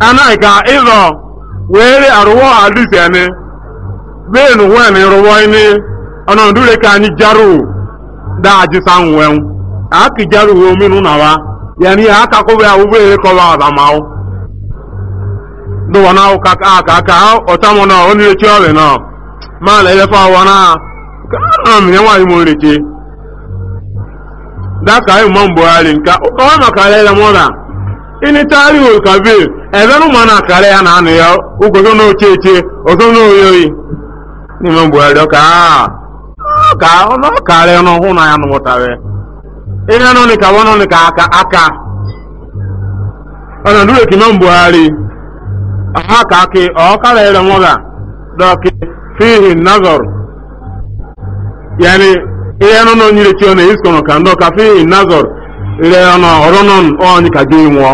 anaghị ka ịzọ were arụwọ alụsi anyị benu wen rụwọ ini ọnọdụ ule ka anyị jaru da ajịsa nwen aki jaru uwe omenu na wa yani ya aka kobe awube ere kọba abamahụ dụwa na ụka ka aka ọta mọ na onye echi ọrịa na ma na elefa awa na ka m nye nwaanyị m orechi daka ịmụ mgbe buhari nka ọ maka ala ele mụ na ịnị taarị olukabee ebe ụmụ na akara ya na anụ ya ụgogo na oche eche ogo na oyi oyi n'ime mgbughari ọka ka ọnụ karị ọnụ hụ na ya nụmụtara ihe nọ ka ọnụ nị ka aka aka ọ ọnụ ndụrụ ekime mgbughari ha ka akị ọkara ere nwọga dọkị fihi nazor yani ihe nọ n'onyere chi ọ na-esikọrọ ka ndọ ka fihi nazor ire ọnụ ọrụ nọ onye ka gị nwụọ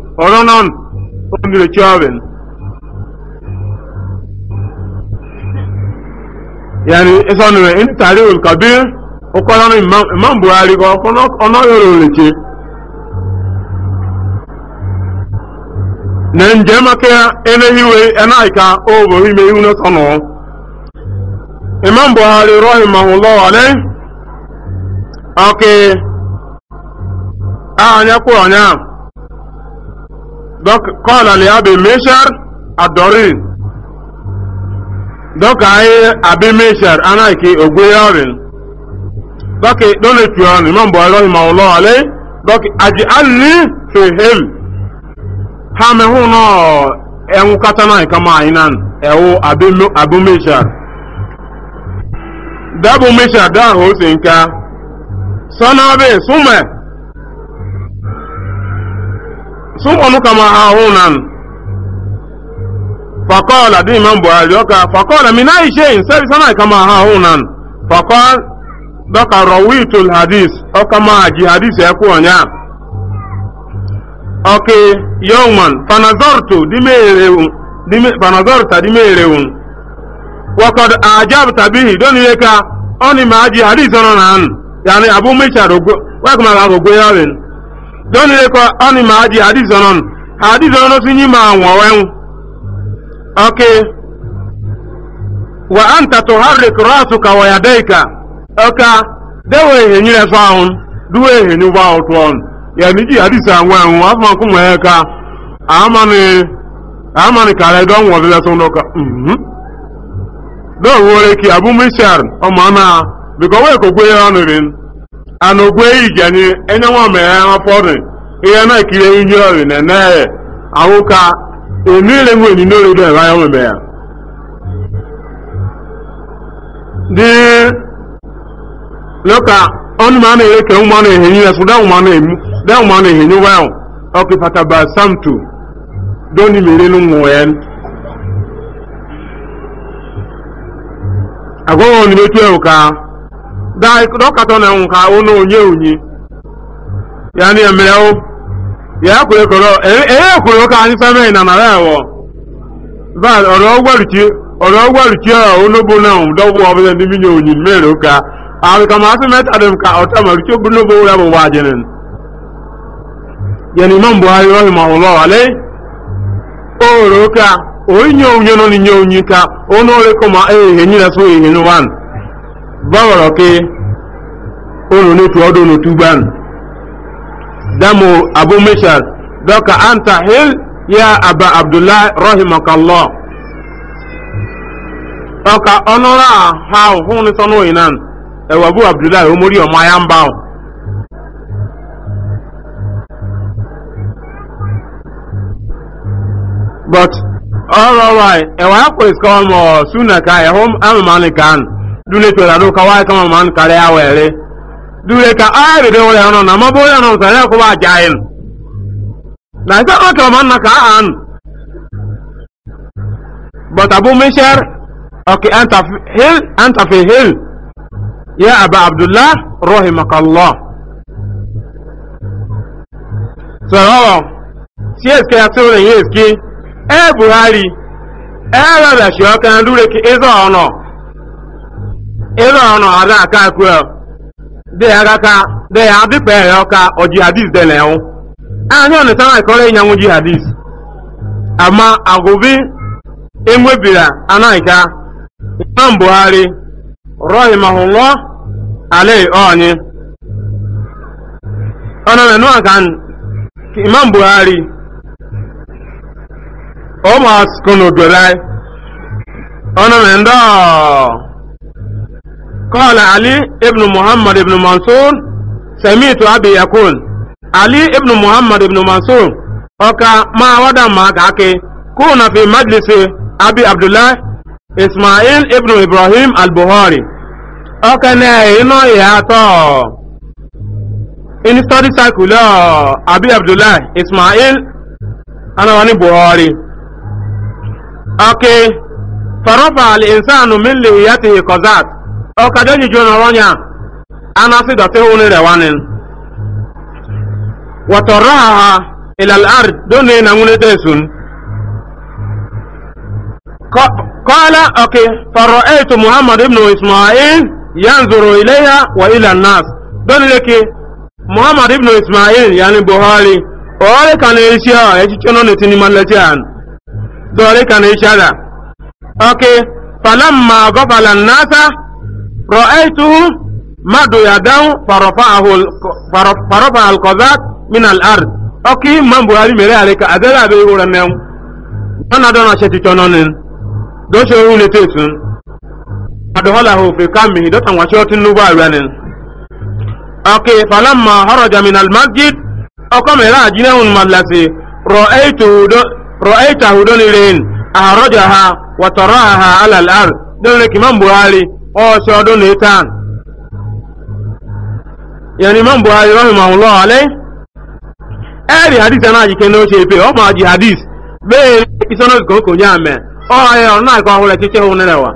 ọ̀rọ̀nàn omire chuaven ndị ìsọ̀nù olu ní tàrí olùkàbí ọkọ̀lọ́nà imam buhari ọ̀nà yóò lòlẹ̀kẹ́ na njem na hiwe enaika obo ime ihu na sọnụ imam buhari rahimahullah alayhi ọkị anya kwụrụ anya donc kọ́ọ̀lá lè abẹ mẹ́ṣẹ́r àdọ́rìn donc ayé mishar mẹ́ṣẹ́r anáìkè ògbéyàwìn donc lónìí etu ní mọ̀nbọ̀ ẹ̀rọ ìmọ̀ ọlọ́wọ́ alẹ́ donc àjẹ́ àlè fèhèm hàmẹ́hùn náà ẹ̀hún kátánà ìkàmọ́ àyínàn ẹ̀wọ́ abẹ mẹ́ṣẹ́r dábò mẹ́ṣẹ́r dáhùn ó sì ń ká sọ́nà bẹ́ẹ̀ súnmọ́ sukọmu kama ahunan fakọọla bí imam buhari ọka fakọọla mina iṣẹ nsẹbi ha kama ahunan fakọọl dọka rọwítul hadis ọka máa ji hadis ya kú ọnyá ọkẹ yọọman fanazọrtu fanazọrta di mẹrẹun wakọd ajab tabihi dọnilẹ ka ọ ni máa jí hadis ọ̀nà nàánù yàrá abu mẹsàdógó wákùnmá àgógó yọrin. dɔnni de kɔ ɔni maa di adịsa zɔnɔ adịsa adi zɔnɔ nu fi nyi maa ŋɔwɛŋu ɔke wa an tato hari kuraasu ka waya deika ɔka dewe ehenyi rɛ fáwọn duwe ehenyi fáwọn tɔn yanni ji adi sa ŋɔwɛŋu afɔn kumu yɛ ka amani amani kare dɔn wɔ bɛ sɔn dɔ ka nhun dɔw wɔre ki abu misar ɔmɔ naa bikɔ wo ekogbe yɛ ɔnu rin. ana ogwe ije anyị enye nwa mere ha pọrị ihe na-ekiri ihe ọrị na ene ahụ ka emire nwe ni n'ori do ebe ahụ ya dị lọka ọnụ ma na-ere ke ụmụ na ehenye ya so ụmụ anụ emu da ụmụ anụ ehenye wa ahụ ọkịpata ba samtu doni mere n'ụmụ ya agwọghọ ọnụ etu ya ka dọkatọ na nka ụnụ onye onye ya na emere o ya kwere kọrọ ee e kwere ka anyị same na nara ewo bad ọrọ ọgwarichi ọrọ ọgwarichi a onobo na dọgbu ọbụla ndị minye onye mere ụka abịka ma asị meta dị m ka ọ ọta ma richi obunobo ụra bụ ụwa ya na nwa ajịnị yani imam buhari rahimahullah alay oro ka onye onye nọ n'inye onye ka ọ na-ore kọma ehe nyere so ehe n'ụwa nụ. bọ́wọ̀rọ̀ ke oòrùn ní tu ọdún ní tu gbánu dámò abúmẹ́sà dọ́kà anta hill ya aba abdullahi rahimakallah ọkà ọnụrụ ha hụ n'ịsọ n'oyi nan ewe bụ abdullahi omori ọmụ ya mba ahụ but ọrụ ọrụ anyị ewe akwa iskọ ọmụ suna ka ya hụ dule to rado ka wa kama man kare ya were dule ka ayre de wore ono na mabo ya no sare ko ba jail na ka o ka man na ka an but abu mishar okay anta hil anta fi hil ya aba abdullah rahimakallah sọ̀rọ̀ csk atúrò yìí èsì ẹ buhari ẹ rẹ̀ rẹ̀ ṣe ọkàn dúró ki ẹzọ ọ̀nà ịrụ ọnụ ọdụ aka akụ ya dị ya aka dị ya adịkpa ya ọka ọ jihadis dị na ịwụ anyị ọ nịtara ịkọrọ ịnya nwụ jihadis ama agụbi enwebira anaghịka imam buhari rahimahulọ alei ọnyị ọnụ na nụwa ka imam buhari ọ ma asụkụ n'odorai ọ na ndị ọọ قال علي ابن محمد ابن منصور سمعت أبي يقول علي ابن محمد ابن منصور أكا ما ودا ما كاكي كون في مجلس أبي عبد الله إسماعيل ابن إبراهيم البخاري أكا ناينو ياتو إن study circle أبي عبد الله إسماعيل أنا واني بخاري أوكي فرفع الإنسان من لهيته قزات ọkàdé nyìjú ọ̀nà ọ̀nyà anásí dọ̀tí hùn rẹ̀ wá ni wọ̀tọ̀rọ̀ àhà ìlàlẹ́ àrì dóni nà ńwúlé dé sùn. kọ́lá ọ̀kẹ́ fọ̀rọ̀ ẹ̀tù muhammad ibn ismail yanzuru iléyà wà ilà nas dóni lẹ́kẹ́ muhammad ibn ismail yanni buhari ọ̀rẹ́ kan ní iṣẹ́ ọ̀ ẹ̀ṣíṣẹ́ náà ní tinimá lẹ́tí àn dọ̀rẹ́ kan ní iṣẹ́ rà ọ̀kẹ́ falamma gọ́fàlà nasa رأيته مد يداه فرفعه فرفع القذات من الأرض أوكي من بوهاري مري عليك أدلا بيقول النوم أنا دون أشتي تنونين دون شعرون تيسون أدخله في كامه دون وشوت النبا وانين أوكي فلما خرج من المسجد أقام راجنه المدلسي رأيته دون رأيته دون لين أهرجها وتراها على الأرض دون لك من بوهاري ọ̀ṣọ́ ọdún lẹ́tàn yẹn ni mọ́m̀bọ̀ ayé rọ́hìmọ̀ alẹ́ ẹ̀rì hadith náà yìí kéde ó ṣe pé ọmọ àjì hadith bẹ́ẹ̀ ìsọ́nà kòkò ní àmẹ́ ọ̀ẹ́ ọ̀rọ̀ náà kọ́ títí ọ̀hún rẹ̀ wá.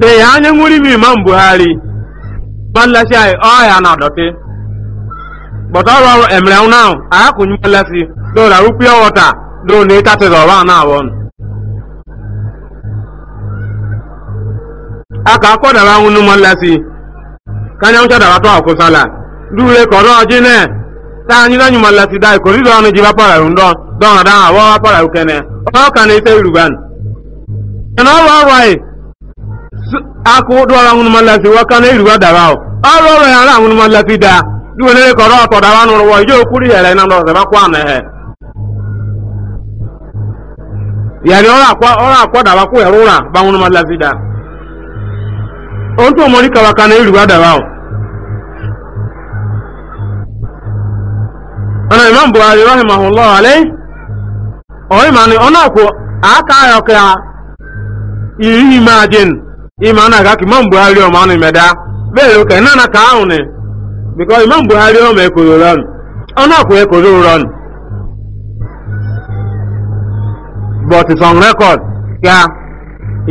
bẹ́ẹ̀ yà nwúrí mi imam buhari mọ́lẹ́sí àyè ọ̀ẹ́ àná àdọ̀tí bọ̀tọ̀ ọ̀rọ̀ ẹ̀mìrẹ̀ náà àyàkùnrin mọ́lẹ́sí lóòrà rúpíọ̀ wọ́tà aka akọdara ahụ nụ mọlasi kanya ncha dara tọ akwụsala kọrọ ọjị ta anyị na nyụmalasi dai koriri ọnụ ji bapara ndọ dọna da awọ bapara ukene ka na ise uruban na ọrụ ọrụ anyị akụ dụọrọ nụ mọlasi waka na iruba dara ọrụ ọrụ ya ara da kọrọ ọtọ dara nụrụ na ndọ na ohun tó mọ̀ ní kàwákà náà èrìwá dàrá o. ọ̀nà imam buhari rahimahullah alẹ́ ọ̀hìn mà ní ọ̀nà àpò àáká ayọ̀kẹ́ a ìrìhì máa jìn ìmọ̀ náà kàkì imam buhari ọ̀mọ̀ àná ìmẹ̀dá bẹ́ẹ̀ ló kẹ́ náà kà áhùn ni because imam buhari ọmọ ẹ̀kọ́ ló rọrùn ọ̀nà àpò ẹ̀kọ́ but it's on record kí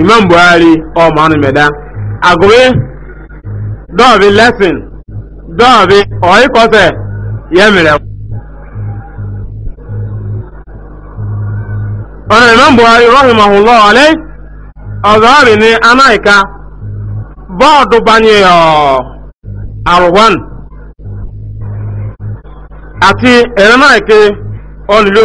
imam buhari ọmọ àná ìmẹ̀dá. agụwe dọọbi lesin dọọbi ọịkọsẹ ya mere ọ̀nà imam buhari rahimahullah alẹ́ ọ̀zọ́ọ̀rì ni anáìka Bọọdụ gbanye àrùwán ati ẹ̀rọ náà ike ọ̀nìlú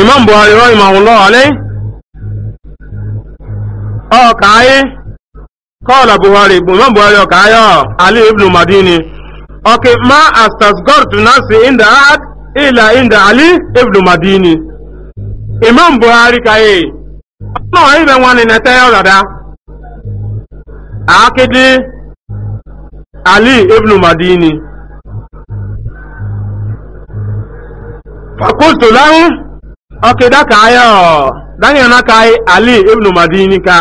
imam buhari rahimahullah alayhi ọkàáyé Kọọla buhari imam buhari ọkàáyé ali ibn madini ọkẹ ma astasgọ́rtù nasi inda ahad ila inda ali ibn madini imam buhari kàáyé ọ̀nà ibẹ̀ wọn ni nẹ́tẹ́ ọ̀dàdá àákédé ali ibn madini fakultu lahun okay da ka ayo daniel n'aka kai ali ibn madini ka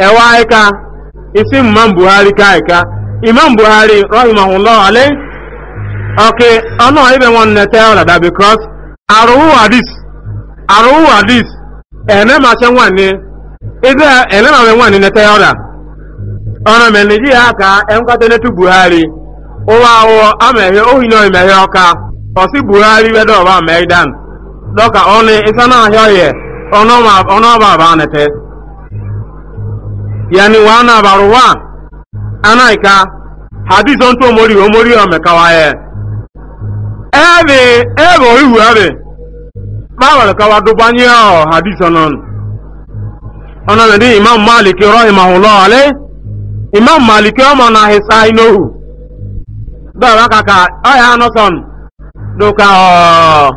ewa ka isi imam buhari ka ka imam buhari rahimahullah lọọ ale ono ibe won na tell that because aru hadis aru hadis ene ma se wan ni ide ene ma me wan ni na tell that ono me ni ya ka en ka tele tu buhari o wa o amehe o hino mehe oka buhari wedo ba meidan dọka ọnụ ịsa na-ahịa ọhịa ọnụ ọba aba nete yani wa na abaru wa anaika hadith on to omori o mori o mekawa ye ebe ebe o ihu ebe ma wala kawa do banye o hadith onon ona me di imam malik rahimahullah ale imam malik o ma na hisa inohu da wa kaka o ya no son do ka o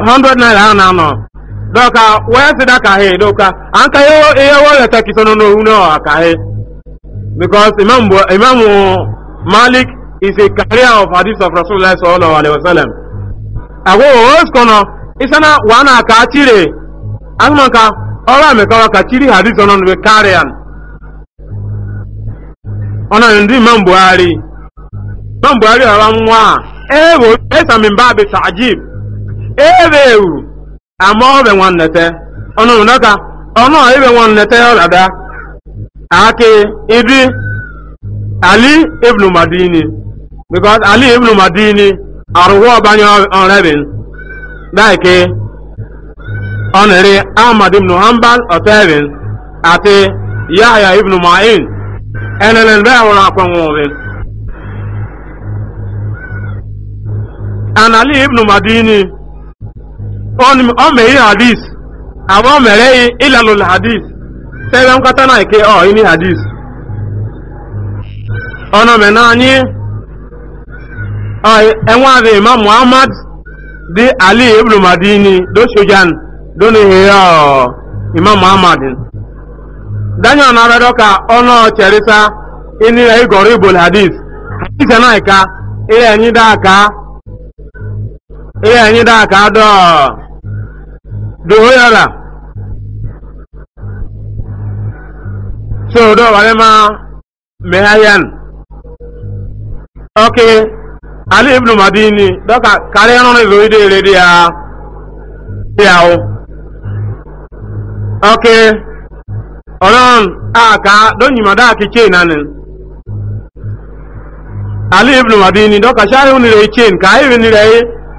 hundred naira ha na-anọ dọka wee sị da kahe dọka anka ihe wọlọ takịsọ nọ n'ohu na kahe because imam imam malik is a carrier of hadith of rasulullah sallallahu alaihi wasallam agwo os kono isana wana ka chire asma ka ora me ka ka chiri hadith on be carrier ona ndi imam buhari imam buhari ara nwa e bo esa min babi ta'jib ebe ewu ama ọbẹ nwa nnete ọnụ ndọka ọnụ ibe nwa nnete da. aki ịdị. ali ibnu madini because ali ibnu madini arụwa ọbanye ọrẹbin daike ọnere ahmad ibnu hanbal ọtẹbin ati yahya ibnu ma'in ẹnẹnẹ bẹẹ wọrọ akpọnwọ ọbin and ali ibnu madini ọ mere hadis abụọ mere ị ịlalụl hadis sebe nkata na ike ọ ini hadis ọnọme na anyị enweghị imam muhammad dị ali ibn madini do shojan do na imam muhammad daniel na arịọ ka ọnụ cherịta ịnịra igọrọ ibol hadis hadis na ika ịrịa enyi da aka ihe anyị da aka dọọ doho yara so dọọ wale ma mehayan ok ali ibn madini dọka karịa nọ n'izu ide ere dị ya dị ya o ok ọlọrun aka dọnyimada akiche nanin ali ibn madini dọka sharihu nire chain ka ayi nire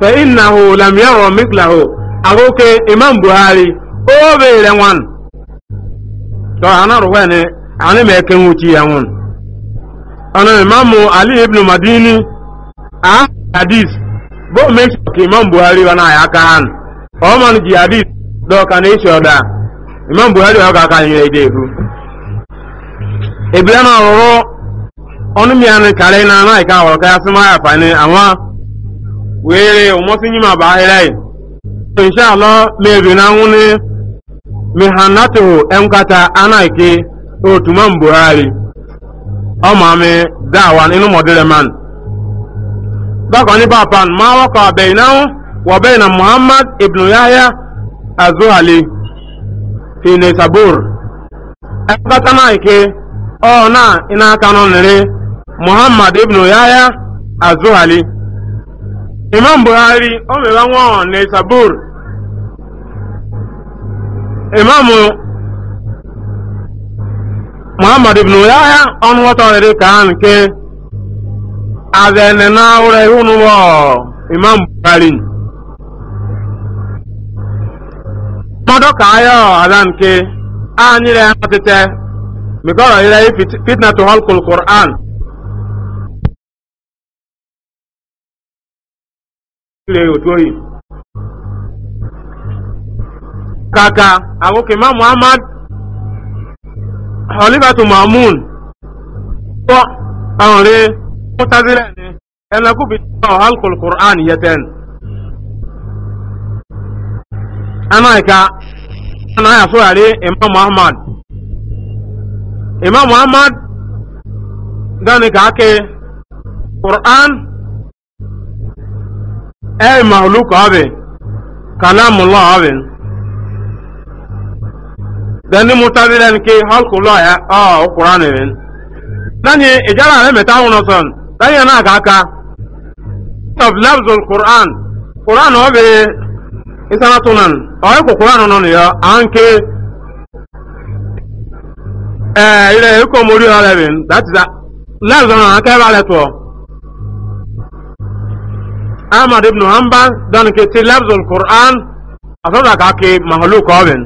fa innahu imam buhari o beere wan to ana ruwene ani me ya won Ọ̀nà imam ali ibn madini a hadith bo me imam buhari ya kan o man ji imam buhari o ka kan yire de fu ibran oro onu na na ka were umosinyi ma ba hirai insha Allah me zuna ngune mi hanatu enkata anaike o tuman buhari o ma me dawan inu modere man bako ni papan ma waka bainahu wa baina Muhammad ibnu Yahya az-Zuhali fi Nisabur ọ anaike o na ina kanon nire Muhammad ibnu Yahya az imam buhari o mere nwa na isabur imam muhammad ibn yahya ọnụ ọtọ dị ka ha nke azene na ụra ihu n'ụwa imam buhari mmadụ ka ahịa ọhada nke anyịrị ya n'ọtịtị mikọrọ ire fitna to halkul quran lè òtó yìí. kàkà àwòkè má muhammad olivatu mahmood tó àwọn rè mutazilẹ ni ẹnlẹkùn bìí tó alukul qur'an yẹtẹn. anáyíká anáyà sóyàrí imam muhammad imam muhammad dáni kàákè qur'an. ee mahluk ọ kalamullah abin dani mutazila nke halkullah ya ah qur'an ibn dani ijara ne meta wono son dani na ga aka tab lafzul qur'an qur'an o be isana tunan o ko qur'an non ya anke eh ile ko mori ala ibn that is lafzul aka ba le ahmad ibn hanbal don ke ti labzul qur'an asoda ka ke mahluk oven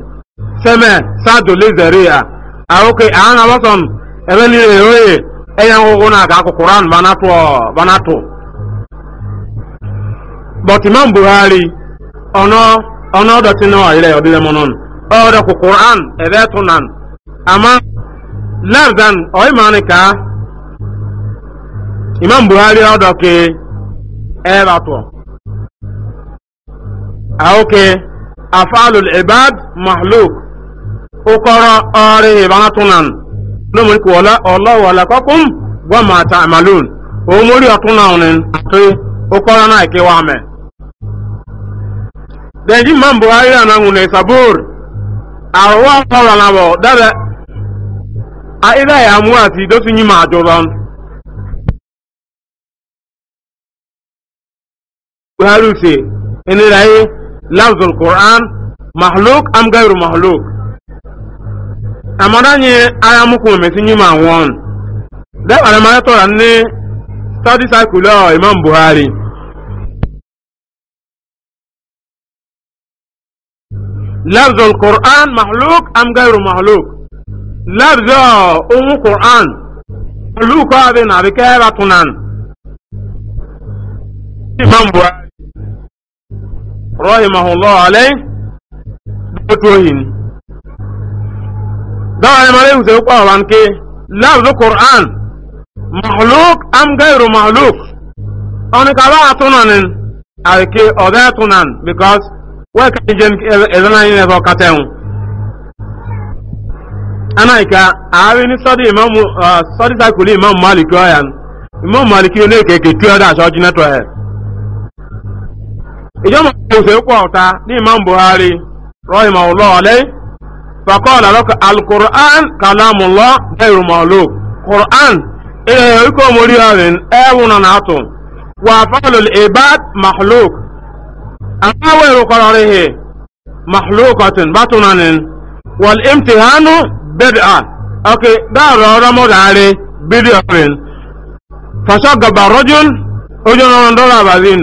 seme sadu li zaria aoke ana wason ebe ni e oye eyan gugu na ka qur'an banato banato but imam buhari ono ono do tin ile odile monon o do qur'an ebe tunan ama lardan o imanika imam buhari o do ebato aoke ah, afalul ibad mahluk ukoro ori ibanatunan lomori wala allah wala ma ta'malun o mori otuna na ke wa na ngune sabur ah, ah, a ma harute ini raye lafzul qur'an mahluk am gairu mahluk amara nye aya muku me tinyi ma won da bare ma to ran ni study cycle o uh, imam buhari lafzul qur'an mahluk am gairu mahluk lafzo uh, umu qur'an mahluk abi na bi imam buhari rahimahullah alai dotohin dawa ne mare huse kwa wanke lafzu qur'an mahluk am gairu mahluk on ka ba tunanin alke oda tunan because wa ka jen ezana ne ba katen ana ka awi ni sadi imam uh, sadi ta kuli imam maliki ayan imam maliki ne ke ke tuya da shajina to he ìjọba òṣèlú pọ̀ ọ̀ta ní imam buhari rọ́ìmọ̀ ọlọ́ ọ̀lẹ́ fàkọ́ọ̀lá lọ́kọ̀ alukur'an kàlámùlọ́ ẹ̀rùmọ̀lò kur'an ilẹ̀ oríkọ̀ mórí ọ̀rìn ẹ̀wùn nà nàtò wà fàlùl ibad mahluk àwọn àwọn èrò kọ̀rọ̀ rẹ̀ hẹ̀ mahlukatin batunanin wal imtihanu bid'a ok dáàrọ̀ ọ̀rọ̀ mọ́dàárẹ̀ ọ̀rìn fàṣọ́ gàbà rọ́jùn ojú ọ̀rọ̀ ndọ́rọ̀ àbàzín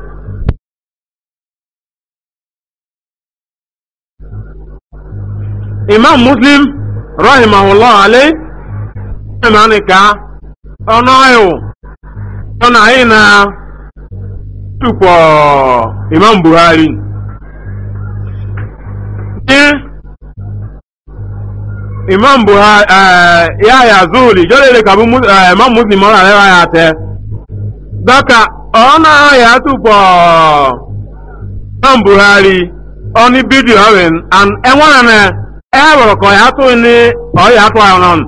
imam muslim rahimahullah alayhi ẹ̀mánì ká ọ̀nà ayò ọ̀nà na tukọ̀ imam buhari imam buhari ya ya zuri ka lè bụ imam muslim ọ̀rọ̀ àrẹ́wà ya dọka dọ́kà ọ̀nà ayà tukọ̀ imam buhari ọnụ bídíò ẹ̀rọ kan yà tó ní ọ̀yà tó àwọn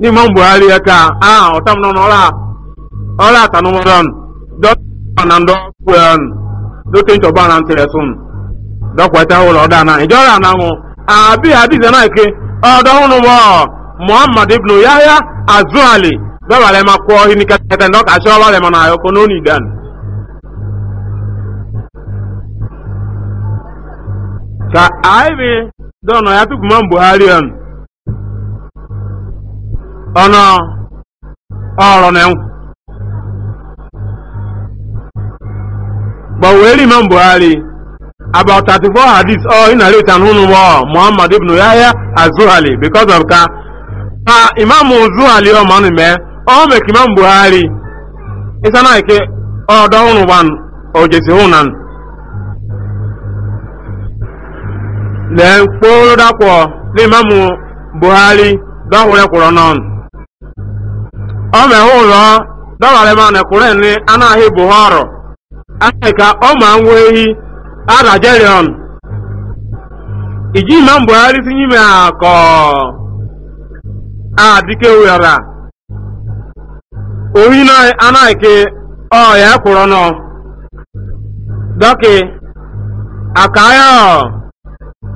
ní mọ̀ buhari yẹ ká a ọ̀tá mi náà ọ̀rà ọ̀rà àtànumọ̀dọ́n dọ́kítà náà dọ́kú ẹ̀ dókè ń tọ́gbà náà tẹ̀lé sùn dọ́kọ̀ ẹ̀tẹ́ wọlé ọ̀dà náà ìjọra náà wọn àbí àdìsẹ́ muhammad ibn yahya azuali bẹ́ẹ̀ kọ́ ka dọ́nà ya tukù mọ́ buhari ọ̀n ọ̀nà ọ̀rọ̀ nẹ̀ bọ̀ wẹ́rì mọ́ mbugharị about thirty four hadith ọ ọ̀ ina rate and hunu wọ́ muhammad ibn yahya azuhali because of ka ah imam zuhali ọ̀ mọ́nu mẹ́ ọ̀ mẹ́kì mọ́ buhari ìsanáyìí ke ọ̀dọ́ hunu wan ọ̀jẹ̀sì hunan. lee kporo dakwọ n'imamu buhari dọhụrụ ekwuru nọn ọ mehu ụlọ dọwara ma na ekwuru ni anaghị buhari ahịka ọ ma nwa ehi iji imam buhari tinye ime akọ adike wera ohi na anaghị ọ ya nọ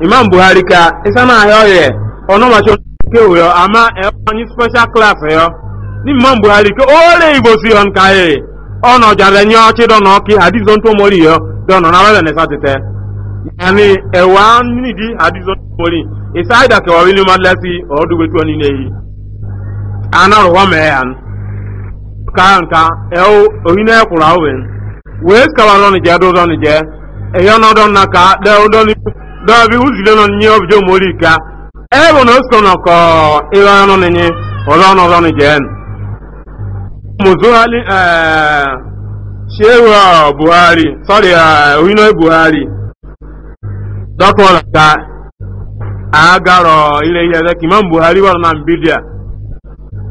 imam buhari ka isa na ahịa ọrịa ọnụ macho nke wụrụ ama anyị special class yo. ni imam buhari ke ole igbo si on ka ye ọnọ jara nye ọchị dọ ki ọkị adizo ntụ mori yọ dọ nọ na wẹlẹ nẹsa tẹtẹ yani ẹwà e nìdí adizo ntụ mori isa aida kẹwàá wíní ma lẹsi ọdún wetu ọni n'eyi anọrọ hɔ mẹ yan kaa nka ẹwọ oyin náà kura ọwẹ wẹẹ kawa lọ nìjẹ dọdọ nìjẹ ẹyọ náà dọ nà ká dẹwọ dọ nìjẹ. dɔɔbi wusile nɔ nyɛ ɔbi jɔ mori ka ɛbɔ na sɔnɔ kɔɔ irɔyɔnɔ ni nye ɔlɔnɔ lɔni jɛn muso hali ɛɛ sewa buhari sɔri eh, buhari dɔkɔ ka agarɔ ile yɛrɛ kiman buhari na nbidia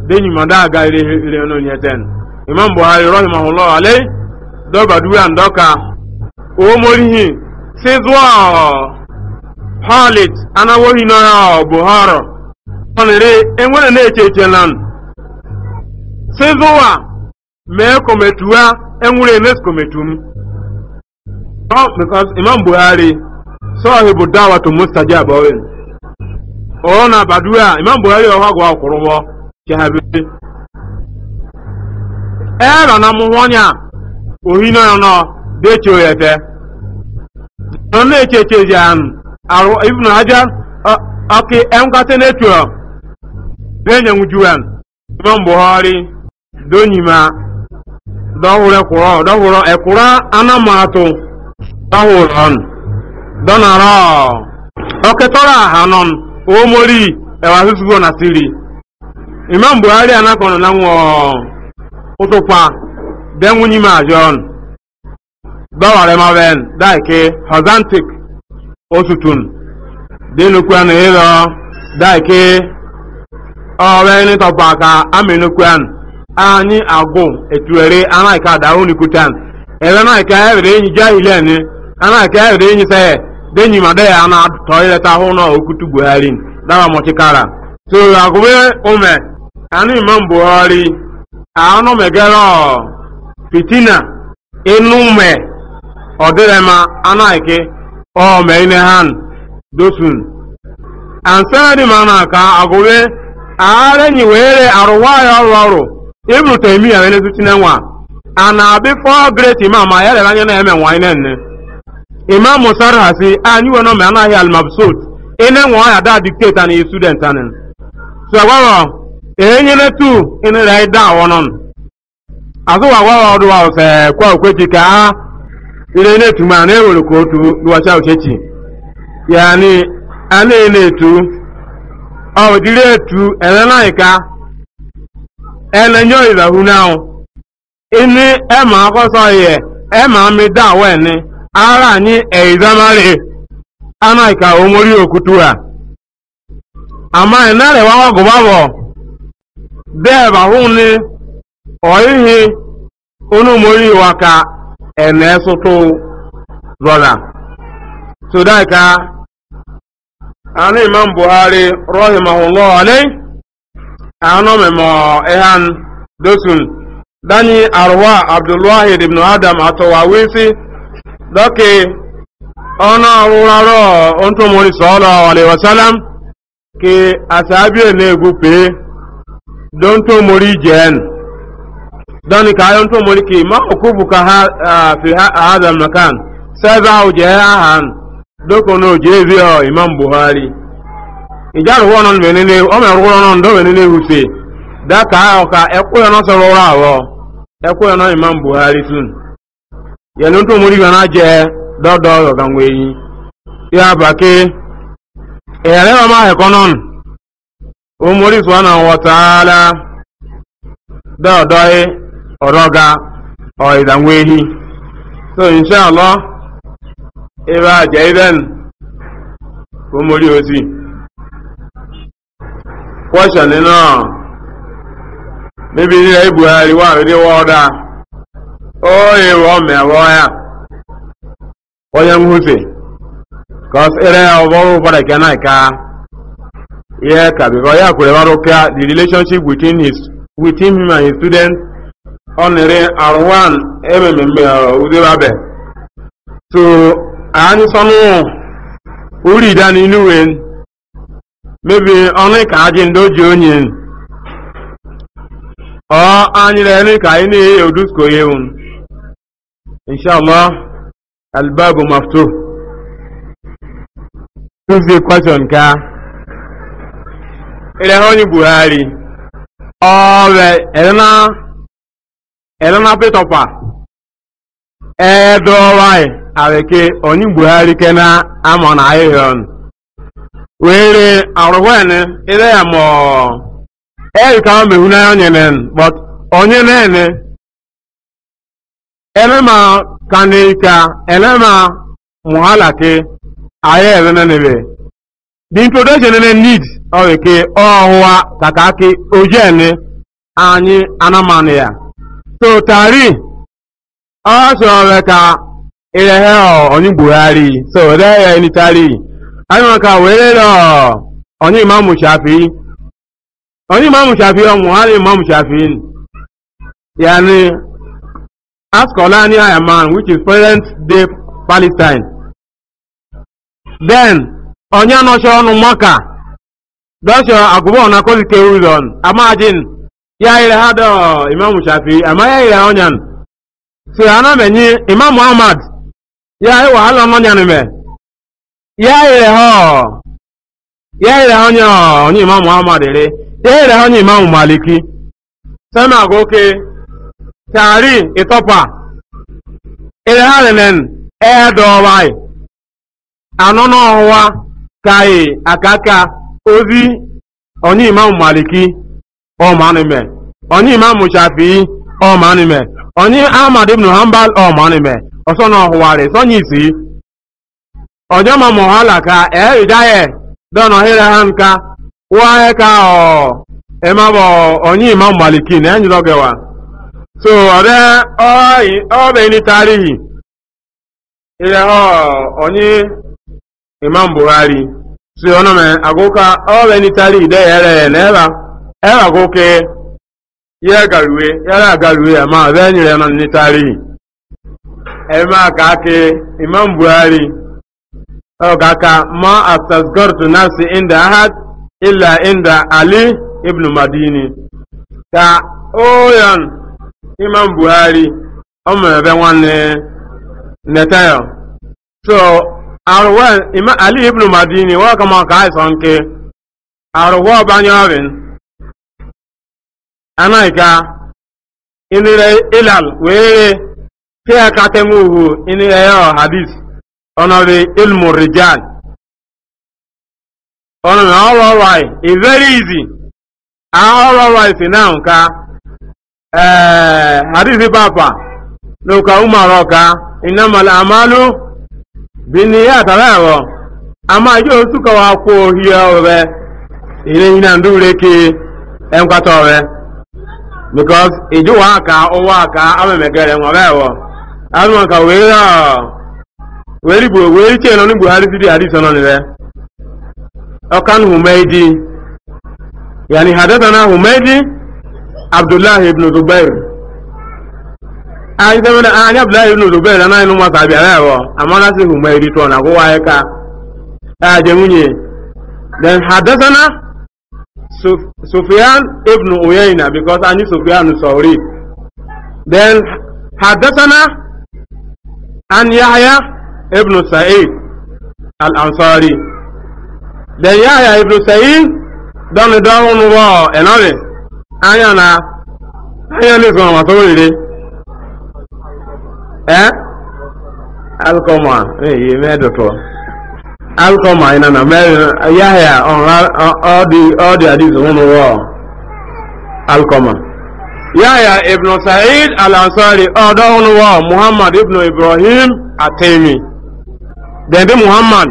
de aga ile ile imam buhari halit anawohi n'ọha buhari ọnere enwere na-eche eche na sizuwa mee kometuwa enwere emes kometum because imam buhari sọọhị bụ dawatu mustaji abọwe ọ na baduwa imam buhari ọha gwa ọkwụrụ mọ kehabiri ẹrọ e na mụhụ ọnya ohi n'ọnọ deche oyefe ọ na-eche eche ya anụ ibn hajar ọkị emkata netuo denye nwujuwan imam buhari donyima dọhụrụ ekwụrọ dọhụrụ ekwụrọ anamatu dọhụrụ on dọnarọ ọkịtọrọ aha nọn omori ewa hụsụgo na siri imam buhari anakọrọ na nwụọ ụtụkwa denwunyima ajọn dọwara emaven daike hosantic osutun denukwan ilo daike ọrẹ nítọ̀pọ̀ àka aminukwan anyi agùn ètùwẹ̀rẹ̀ anáìka dàrún nìkútan ẹ̀rọ náìka ẹ̀rẹ̀ ẹ̀yìn já ilẹ̀ ni anáìka ẹ̀rẹ̀ ẹ̀yìn sẹ́yẹ̀ dẹ́yìn màdẹ́ àná tọ́ ilẹ̀ ta hún náà okutu buhari dáwà so tó àgùnbé ọmọ àní imam buhari àánú mẹgẹrọ fitina o oh, mai ne han dosun an sanadi mana ah, ka agobe are ni were arwa ya ọrụ ọrụ taymiya wene zuti na nwa ana ah, bi fo great imam ah, ya le anya na eme nwa ine nne imam sarhasi anyi wono me anahi al mabsut ine e nwa ya da dictate an student an so agwaro e enyi ne tu ine rai da wonon azu agwaro do wa se kwa okweji ka ile na-etu ma na ewere ka otu duwacha uchechi ya ni a na etu ọ etu elenaika elenyo ilahu naụ ini ema akọsọ ihe ema amida weni ara anyị eizamari anaika omori okutu a ama inarewa ọgụba bụ dee bahụ ni E na-esotu rọla. Sudaka a n'Imanbuagharị Rahim Ongo ọnụ ị anọghị ma ọ hà Abdullahi n'Adam Atọwa we, nwere isi dọ ka ọnụ ọhụrụ ọrụ a ọ ntụrụ m onyeisi ọrụ ala iwosalaam dani ka ayon to ma ukubu ka ha fi hadha makan saba ujahan doko no jevio imam buhari ijar wonon menene o me wonon do menene huse da ka o ka eku yo no so ro rawo eku yo no imam buhari tun ya no to na je do do ya bake ere ma o wa taala do e. ọ̀rọ̀ga ọ̀ìdànwó ehi so inshallah ebe a jẹ iben kò mórí òsì question nínú níbi ilẹ̀ buhari wà ní wọ́ọ̀dà ó yẹ wọ́n mẹ́wọ́ ya onye kọs ere ya ọbọrụ ụfọdụ na ka ihe ka ya kwere ọrụ ka the relationship between his him and his students Ọ onere arwan ememembe udebabe so anyị sọnụ uri da n'ilu wee. mebi ọnụ ka ajị ndị oji onye ọ anyị na rere ka anyị na-eyi odusko ya ewu inshallah albabu mafto tuesday question ka ere onye buhari ọ bụ ere ele na pịtọpa edowai arike onye buhari na ama na ahịhịon were arụwen ile ya e ka mọ erika mehunanya onyenen but onye nene elema kanika elema muhalake aye elenenebe the introduction ne need ọrike ọhụwa kakaki ojeni anyị anamani ya so tari ọ sọrọ ka ilẹ̀hẹ́ ọ̀nyí buhari so rẹ́yẹ ẹni tari àwọn ka wẹ́rẹ́ lọ ọ̀nyí imamu shafi ọ̀nyí imamu shafi ọmọ hali imamu shafi yani askolani ayaman which is present day palestine then ọ̀nyí anọ́ṣọ́ ọ̀nù maka lọ́ṣọ́ àgùbọ̀ ọ̀nà kọ́sìkẹ́ wúlọ̀n amájìn ya ire ha dọ imam shafi ama ya ire ha onyan si ana menyi imam ahmad ya yi e wahala onyan me ya yiri ha ya yiri ha onye onye imam ahmad ere ya ire ha onye imam maliki sama goke tari itopa ire ha lenen e dọwai anọ n'ọhụwa kai akaka ozi onye imam maliki ọmanime onye imam shafi ọmanime onye ahmad ibn hanbal ọmanime ọsọ na ọhụwarị sọnye isi onye ma mọhala ka ee idaye dọnọ hịrị ha nka wụahe ka ọ emabọ onye imam maliki na enyere ogewa so ọdẹ ọbẹ ni tarihi ilẹ ọ onye ịma imam buhari so ọnọmẹ agụka ọbẹ ni tarihi dẹyẹrẹ n'ebe a ẹwà kókè yẹ gàrúwé yàrá gàrúwé ẹ máa bẹ́ẹ̀ nyere náà ní tarihi ẹ máa kàáké imam buhari ọ̀kàkà ma asasgọ́rùtù nafsi inda ahad illa inda ali ibn madini ka oyan imam buhari ọ ẹ̀bẹ̀ wọn nwanne netayo so arwọ ali ibn madini wọ́n kọ́ mọ́ ká àìsàn ké arwọ banyọ́rin anaghịkwa ịnịrị ilal wee pịa kata nwuhu ịnịrị ya hadis ọnọdụ ilmu rijal ọnụ na ọrụ e very easy a ọrụ ọrụ si na nka hadis papa n'ụka umar ọka ịnamal amalu bini ya tara ẹwọ ama yóò túkọ̀ wá kó ohìẹ́ ọ̀rẹ́ ìrẹ́yìn náà ń kí ẹ̀ ń because ijuwa aka ụwa aka amemegere nwabewo azụma ka wee wee rigbo wee riche nọ n'igbo hari siri hari humeidi humeidi ibn zubair na ibn zubair anaghị n'ụmụ ka bịara ewo amara si humeidi tụọ na gwụwa ya ka nwunye then hadatana Sufyan ibn Uyayna because anyị Sufyan Sauri then حدثنا عن يحيى ابن سعيد الأنصاري then يحيى ابن سعيد دون دون واو انوري anya na anya le so ma so le eh alkoma eh ye me alkọma ina na mẹ́rin yahya ọdí ọdí àdìsí wọn wọ alkọma yahya ibnu sa'id al-ansari ọdọ wọn wọ muhammad ibnu ibrahim atemi dẹ̀ndé muhammad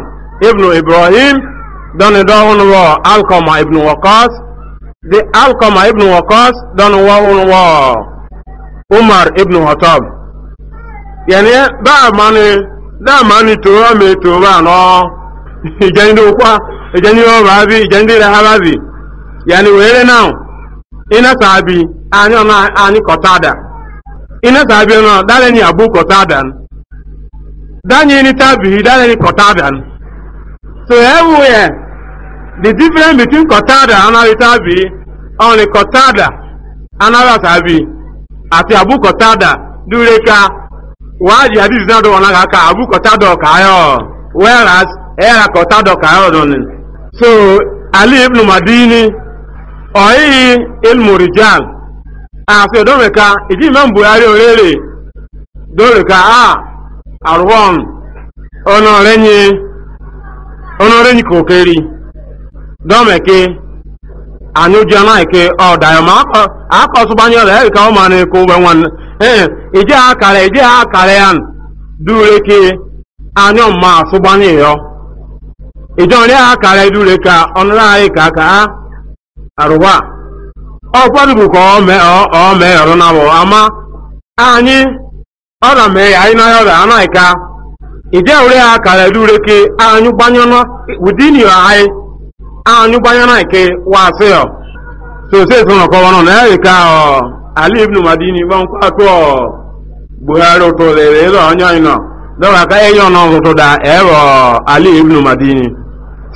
ibnu ibrahim dọ́ni dọ́ wọn wọ alkọma ibn wakas di alkọma ibn wakas dọ́ni wọ wọn wọ umar ibn hotob yẹni báà mani dáà mani tòwọ́ mi tòwọ́ àná. ìjẹ́ ní okwa ìjẹ́ ní ọba abi ìjẹ́ ní ìrẹ̀hárá bi yàní wèrè náà iná sàbí àní ọ̀nà àní kọ̀tàdà iná sàbí ọ̀nà dálẹ́ ní àbú kọ̀tàdà dányé ní tábì dálẹ́ ní kọ̀tàdà so everywhere the difference between kọ̀tàdà anáwó tábì ọ̀nì kọ̀tàdà anáwó àti àbú kọ̀tàdà dúró ká àdìsí náà náà àbú kọ̀tàdà ọ̀kà era kọ̀tàdọ̀ kàárọ̀dọ̀ ni so ali ibn madini ọ̀yí ilmu rijal àti ọ̀dọ́mẹ̀ka ìdí imam buhari oréré dórèka a arwọ́n ọ̀nọ̀rẹ́yìn kòkèrè ka àníjọ náà ike ọ̀dàyọ̀mọ̀ akọ̀sùgbányọ̀ ka ẹ̀ríkà ọmọ ni kò wẹ̀ wọn ìdí àkàrẹ̀ ìdí àkàrẹ̀ yàn dúró ike mma ìjọ ní àkàrà ìlú rẹ̀ ka ọ̀nà àìkà ká àrùwá ọ̀pọ̀dùbù kọ ọ̀ọ́mẹ́ ọ̀rọ̀ náà wọ̀ àmá anyị ọ̀rọ̀ mẹ́ anyị náà ọ̀rọ̀ anáìka àkàrà ìlú rẹ̀ anyị gbanyọ́nà within your anyị gbanyọ́nà ike wà sí ọ̀ so sí èso nọ̀kọ́ wọn náà ẹ̀ríkà ọ̀ ọ ọ̀ lọ́wọ́ àká ẹ̀yọ́ náà tó ẹ̀rọ alẹ́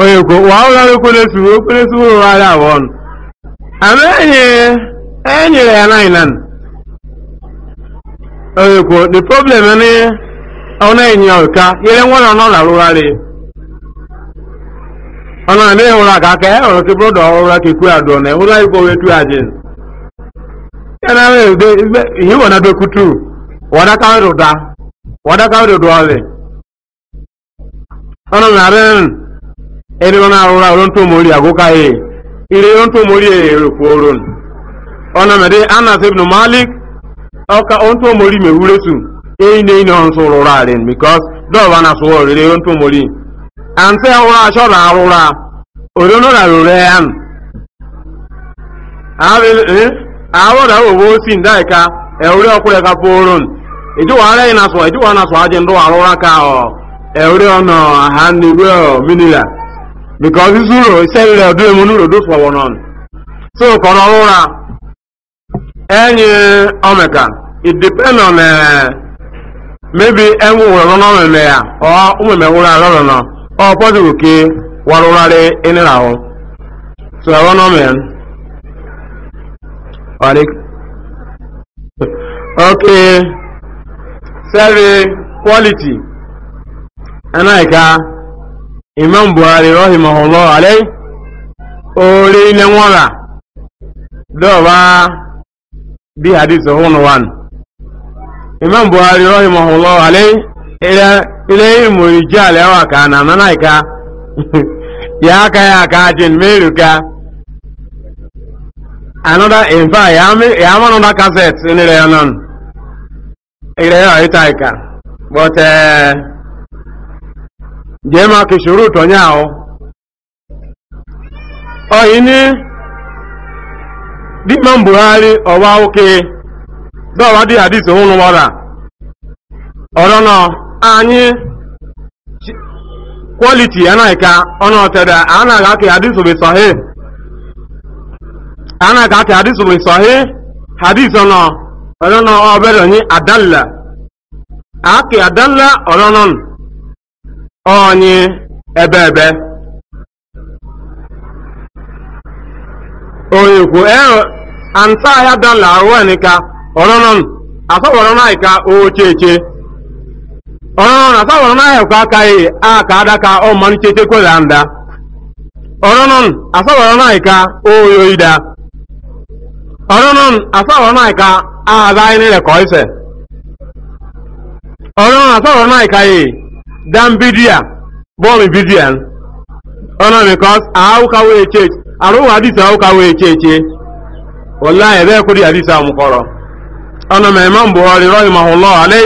onye kwo wa ụlọrụ okpelesu okpelesu ụrụ ara abụọ nụ ama enyere ya naanị naanị onye kwo the problem ni ọ na-enye ọka yere nwa na ọ na ọ na ndị hụrụ aka aka ya hụrụ kebụrụ ọrụ na ụlọ ya ya na ahụ ebe ihe na ọ na ebe ọ na-arụrụ ọrụ ntụ mori agụka ya ire ntụ mori e, erukwu ọrụ ọ na mede anas ibn malik ọka ntụ mori mewuresu eyi na ine ọnụ sụrụ ụra rin bikos dọba na sụọ orire ntụ mori anse ụra achọrọ arụra na rụrụ ya nụ awọ da owo si na sọ because isuro isẹri rẹ ọdún emu nurodo fọwọ nọ so kọrọ ọrụra enyi omeka it depends on uh, maybe enwu wụrụ n'ọnụ mmemme ya ọ mmemme wụrụ arọrọ nọ ọ pọtụrụ already in ịnịra ahụ so I n'ọmị ya ọrịk okay sẹri quality ẹnaghịka. imam buhari rahimahullah alayhi orí ilé wọn hadith ọ̀hún wan imam buhari rahimahullah alayhi ilé ìmọ̀ ìjọ àlẹ́ wà ká nà nánà ya yà ká yà another in fact yà á mọ̀ another cassette nílẹ̀ but. Uh, jẹ́ máa tọ́nyá ọ ọ̀yìn ní díman buhari ọwá òkè dọ́wà dí àdìsí òun wọ́ra ọ̀rọ̀ anyị kwọliti anaghịka ọnụ ọtọda anaghị anaghị hadis bụ sọhị hadis ọnọ ọrọ onye onye ebebe oyekwo ero anta ahịa dọla wen ka ọrụnụ asọgbọrọ naị ka ocheche ọrụnụ asọgbọrọ naị ka akaghị aka adaka ọmanicheche kwela nda ọrụnụ asọgbọrọ naị ka oyoida ọrụnụ asọgbọrọ naị ka anyị nile ka Ọ ọrụnụ asọgbọrọ naị ka ị. dan bidia bọọlụ bidia ọnà mìkọ́s àáwùká wéé chèch àrùwò àdìsí àáwùká wéé chèchè wọlá ẹ̀rẹ́ kúrì àdìsí àmukọ̀rọ̀ ọnà mẹ́mọ́ mbùhọ́rì rọ́ọ̀hìn mahùlọ́ àlẹ́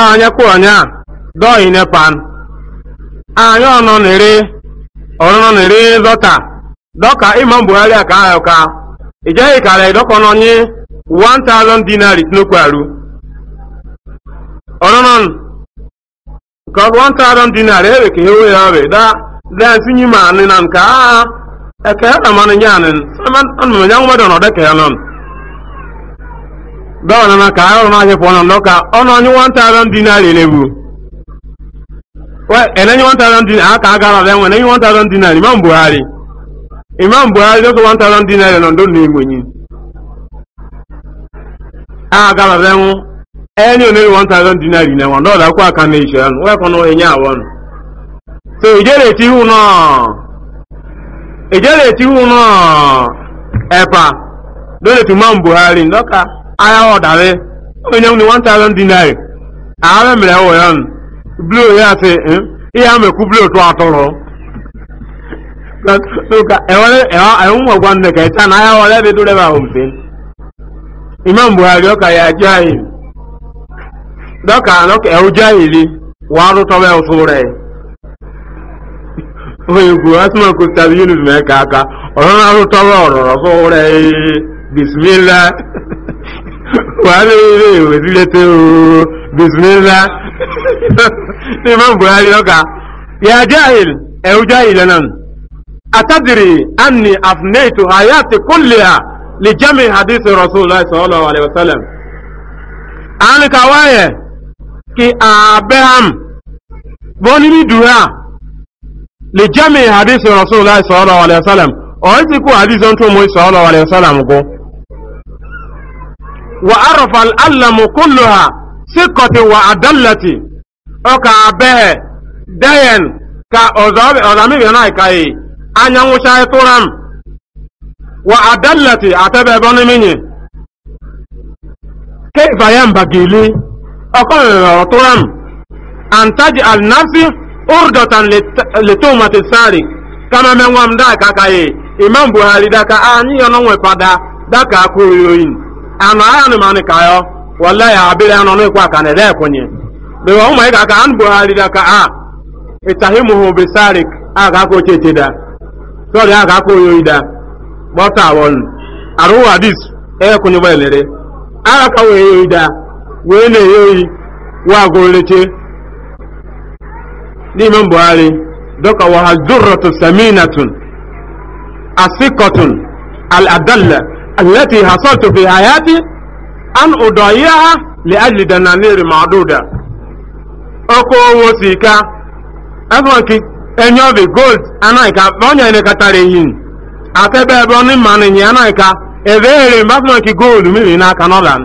àányẹ́ kúrò nyá dọ́ọ̀hìn nẹ́pàn àányẹ́ ọ̀nà nìrí ọ̀nà nìrí dọ́tà dọ́kà ìmọ̀ mbùhọ́rì àká àyọ̀ká ìjẹ́ ìkàlẹ̀ ìdọ́kọ̀ náà ní one thousand God one thousand ebe ewe ka ya we da da sinyi ma ni nan ka e ka ya ma ni nyane man an nyang ma dono da ka ya da wana na ka ya ma je ka ono ni one thousand dinar le bu we ene ni aka aga ẹni only one thousand dinar ní ẹ̀wọ̀n dọ́ọ̀dà kó àkànnì ìṣẹ̀yàn wẹ́ẹ̀kan náà ẹ̀yìn àwọn. so ìjẹ́rè tí hù náà ìjẹ́rè tí hù náà ẹ̀pà lórí tí mọ́m buhari lọ́ka ara ọ̀dàrí onye ní one thousand dinar blue eh? blue imam eh? buhari dọ́kà lọ́kà ẹ̀rù jẹ́ ìlí wàá rú tọ́wẹ́ ọ̀tún rẹ̀ òyìnbó asúmọ̀ kò tàbí yunus mẹ́ka aka ọ̀rọ̀ náà rú tọ́wẹ́ ọ̀rọ̀rọ̀ fún rẹ̀ bisimilá wàá e, lè rí ìwé sílé tó bisimilá ní ìmọ̀ buhari lọ́kà yà jáìl ẹ̀rù jáìl náà atadiri anni afneitu hayati kulliha lijami hadisi rasulillah sallallahu alaihi wasallam an kawaye ki abeham boni ni dura le jami hadisi rasulullah sallallahu alaihi wasallam o ti ku hadisi on to mo sallallahu alaihi wasallam go wa arafa al alam kulluha siqati wa adallati o ka abehe dayen ka ozabe ozami bi na kai anya nwucha turam wa adallati atabe boni mini ọkọ̀rọ̀ ọ̀tọ́ram àǹtájì àlìnáfí ọ̀rọ̀dọ̀tàn lẹ́tọ́mọ̀tì sáré kámẹ́mẹ́wàm dáka káyé imam buhari dáka ààyè ọ̀nà wọn padà dáka kó ìròyìn àná ayánu mani káyọ wọlé àbílẹ̀ àná ní ikú aka buhari a ìtàhímuhu bi sáré àkàkó tètè dá sọ́ọ̀dì àkàkó ìròyìn dá bọ́tà wọn àrùwà dìs aka oyoyi wee na-eghe oyi wa agụrụleche n'ime mbuhari dọka wa hazurratu saminatun asikotun al'adalla allati hasaltu fi hayati an udayiha li ajli dananiri ma'duda oko owo sika afonki enyo bi gold anaika onye ne katare yin atebe ebe oni manenye anaika ebe ere e mbafonki gold mmiri n'aka northern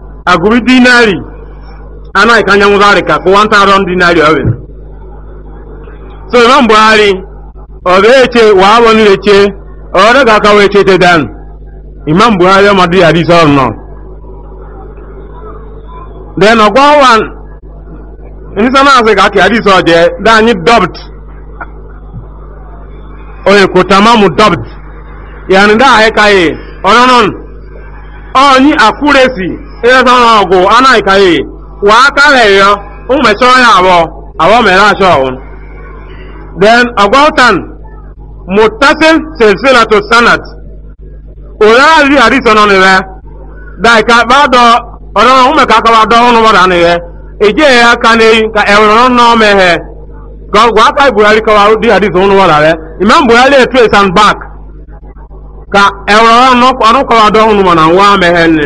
agụrụ dinari ka anyanwụ zari ka kwụwa nta arọ dinari ọ bụla so ịma buhari ọ ga-eche wa abọ nileche ọ dịka aka wee chete dan imam buhari ọ madụ ya dị sọrọ nọ then ọgwa ọwa nisa na-asị ka aka adị sọ jee danyị dọbt onye kotamamu dọbt ya ndị ahụ ka ọ nọ nọ onye akuresi ịzọrọ ọgwụ anaghịkaghị wa aka rịrịọ mmechi ya abụọ abụọ mere achọ ọhụrụ then ọgwọtan mutasin silsilatu sanad ụlọ arịrị adịsọ nọ n'ihe daika gbadọ ọdọ ụmụka aka gbadọ ọhụrụ gbadọ n'ihe e eje ya aka n'eyi ka ewere ọnụ n'ọmeghe gwa aka buhari kọwara dị adịsọ ọnụ gbadọ rẹ imam buhari etu esan bak ka ewere ọnụ kọwara ọhụrụ mana nwa meghe nne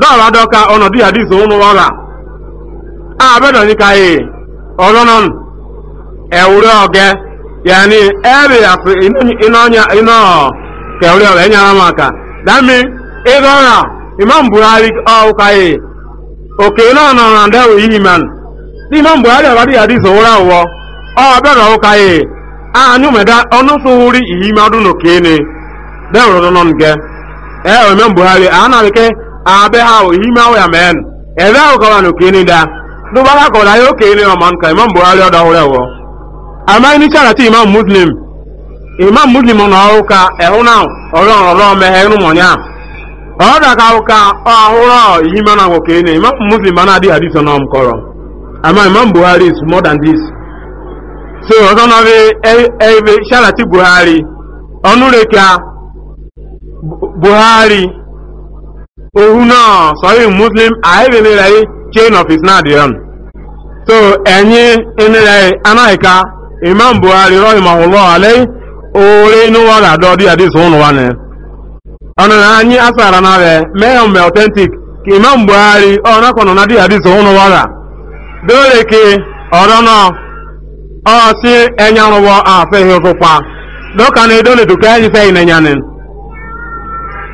dọ́ọ̀rọ̀ adọ́ka ọ̀nà díyà díìsì òun wọ́ra àbẹ́dọ̀ ní káyé ọ̀rọ̀ náà ẹ̀wúrẹ́ ọ̀gẹ́ ya ẹ̀rì àti iná kẹwúrẹ́ ọ̀rẹ́ ẹ̀yìn ara màkà dámi ìdọ́ra imam buhari ọ̀káyé nọ nà ndẹ́wò yìí man imam buhari buhari abe ha o hima o ya men ebe ahụ kọwa na kini da dubara kọwa ya oke ile ọma nka imam buhari ọdọ ọhụrụ ẹwọ ama ni chara ti imam muslim imam muslim ọ na ọrụ ka ẹhụ na ọrụ ọrụ ọmeghe ịnụ mọnya ọ daka ka ọhụrụ ihima na nwoke ne imam muslim ma na-adịghị adịsọ n'ọm kọrọ ama imam buhari is more than this so ọzọ na ebe e, e, chara ti buhari ọnụ reka buhari òhun náà sọ́rí muslim àìbèbèrè yìí chain of his dìrán so enyi ìnira anáìka imam buhari rahimahullah alẹ́ oore inú wa rà dọ́ọ́dí àdìsí òun wa ni asara náà rẹ̀ mẹ́rin mẹ́ authentic imam buhari ọ̀nà na náà dí àdìsí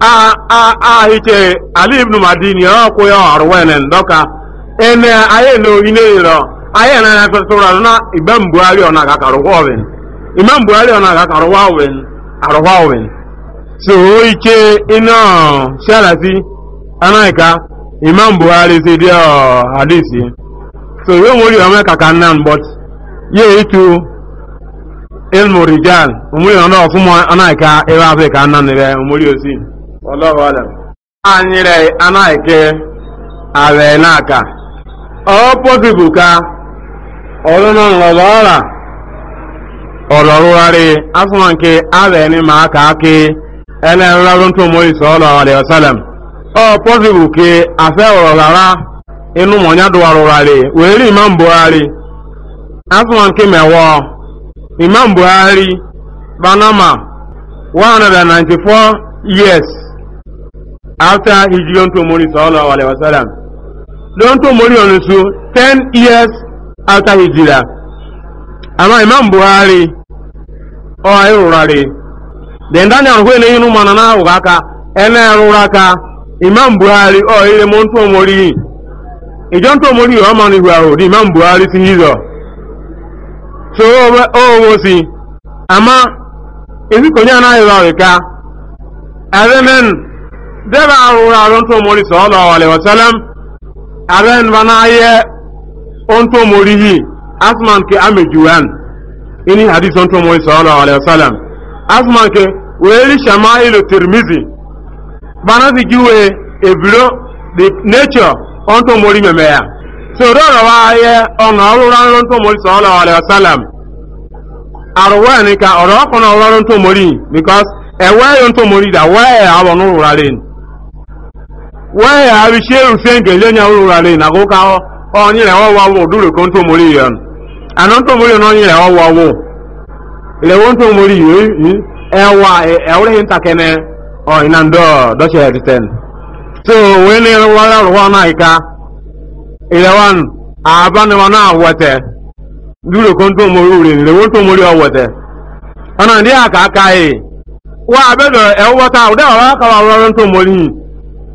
a a a hiche ali ibn madini ro ko yo arwenen doka ene aye no ine ro anyị na na ko ụra na imam buhari ona ga karu wawen imam ọ na ga karu wawen aru wawen so ike ina sharasi anaika imam buhari se dia hadisi so we mo ri amaka kanan but ye itu ilmu rijal umuri ona ofumo anaika ewa afrika nan ne umuri osin wallahu alam anyịre anaghịke abịa n'aka ọ pọsibụ ka ọlụnụ nrọrọ ọra ọrọrụgharị asụma nke abịa ni ma aka akị ene nrọrọ ntụmori sọlọ alaihi wasalam ọ pọsibụ ke afẹ ọrọghara inú mọ̀nyá dùwàrùràrì wèrí imam buhari asụma banama one hundred and ninety four years after iji to mori sallallahu alaihi wasallam don to mori on 10 years after hijira ama imam buhari o ayi rurare den dani an hwele yinu na ka ene rura imam buhari o ile mon to mori ijon to mori o ma ni huaro di imam buhari ti so si ama ezi na ayi ka dẹ́bẹ̀ àrùnrà àrùn tó mórí sọ́ọ́lọ́ àwàlẹ̀wọ̀sẹ́lẹ́m àrẹ́n bá náà yẹ ohun tó mórí yìí asman ke amejuwan ini hadith ohun tó mórí sọ́ọ́lọ́ àwàlẹ̀wọ̀sẹ́lẹ́m asman ke wẹ́ẹ́rì sàmá ìlò tìrìmìzì bana ti juwe ebiro the nature ohun tó mórí mẹ́mẹ́ ya sọ̀rọ̀ ọ̀rọ̀ wa yẹ ọ̀nà àrùnrà àrùn tó mórí sọ́ọ́lọ́ àwàlẹ̀wọ̀sẹ́lẹ́m àrùwọ̀ ẹ̀ ní ka ọ̀rọ̀ ọkùnrin ọ̀rọ̀ ohun tó mórí because ẹ̀wẹ́ ohun tó mórí dà wẹ́ ẹ̀ àwọn ni. wee ha bichie rufe nke ile nya wuru rari na go ka onye onye re wawa wo ile wo nto mori yi ewa e wure hin takene o ina ndo do che editen so we ne wala ruwa na ika ile wan aba ne wana aka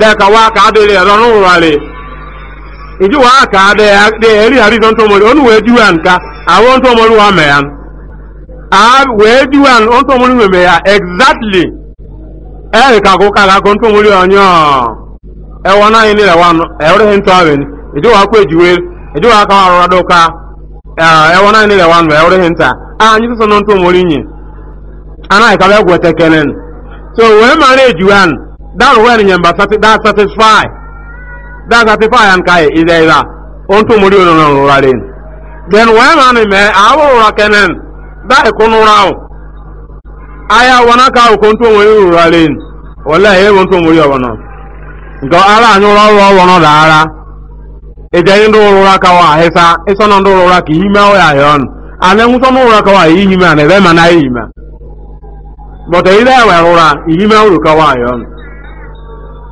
dẹ́ka wá káàdìrì ẹ̀rọ ọ̀rùn wàlẹ̀ ìjú wá káàdì ẹ̀rí àríṣọ́ tó mọ̀lẹ̀ ọ̀nù wẹ́ẹ́ ju àǹká àwọn tó mọ̀lẹ̀ wà mẹ̀yà wẹ́ẹ́ àn tó exactly ẹ̀rì kàkó kàkà kó tó mọ̀lẹ̀ ọ̀nyọ́ ẹ̀wọ̀n náà yìí nílẹ̀ wọn ẹ̀rí hin àwìn wá kó wá ká ká náà nílẹ̀ wọn so that when nyamba that satisfy that satisfy and kai is either onto muri ono no ralin then when an me awu rakenen that ikunu rawo aya wana ka ko onto muri ralin wallahi e onto muri ono go anyu wono dara ka wa hesa no ki hima o ya yon ane no ka wa hima ne be hima but ile wa hima o ka wa yon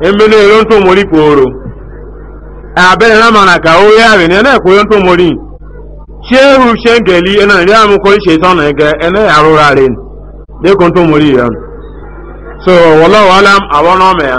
emene ero nto mori poro abere na mana ka o ya re ne na ko nto mori shehu shengeli ena ri amu ko shaitan ege ene arura re ne ko nto mori ya so wallahu alam awon o me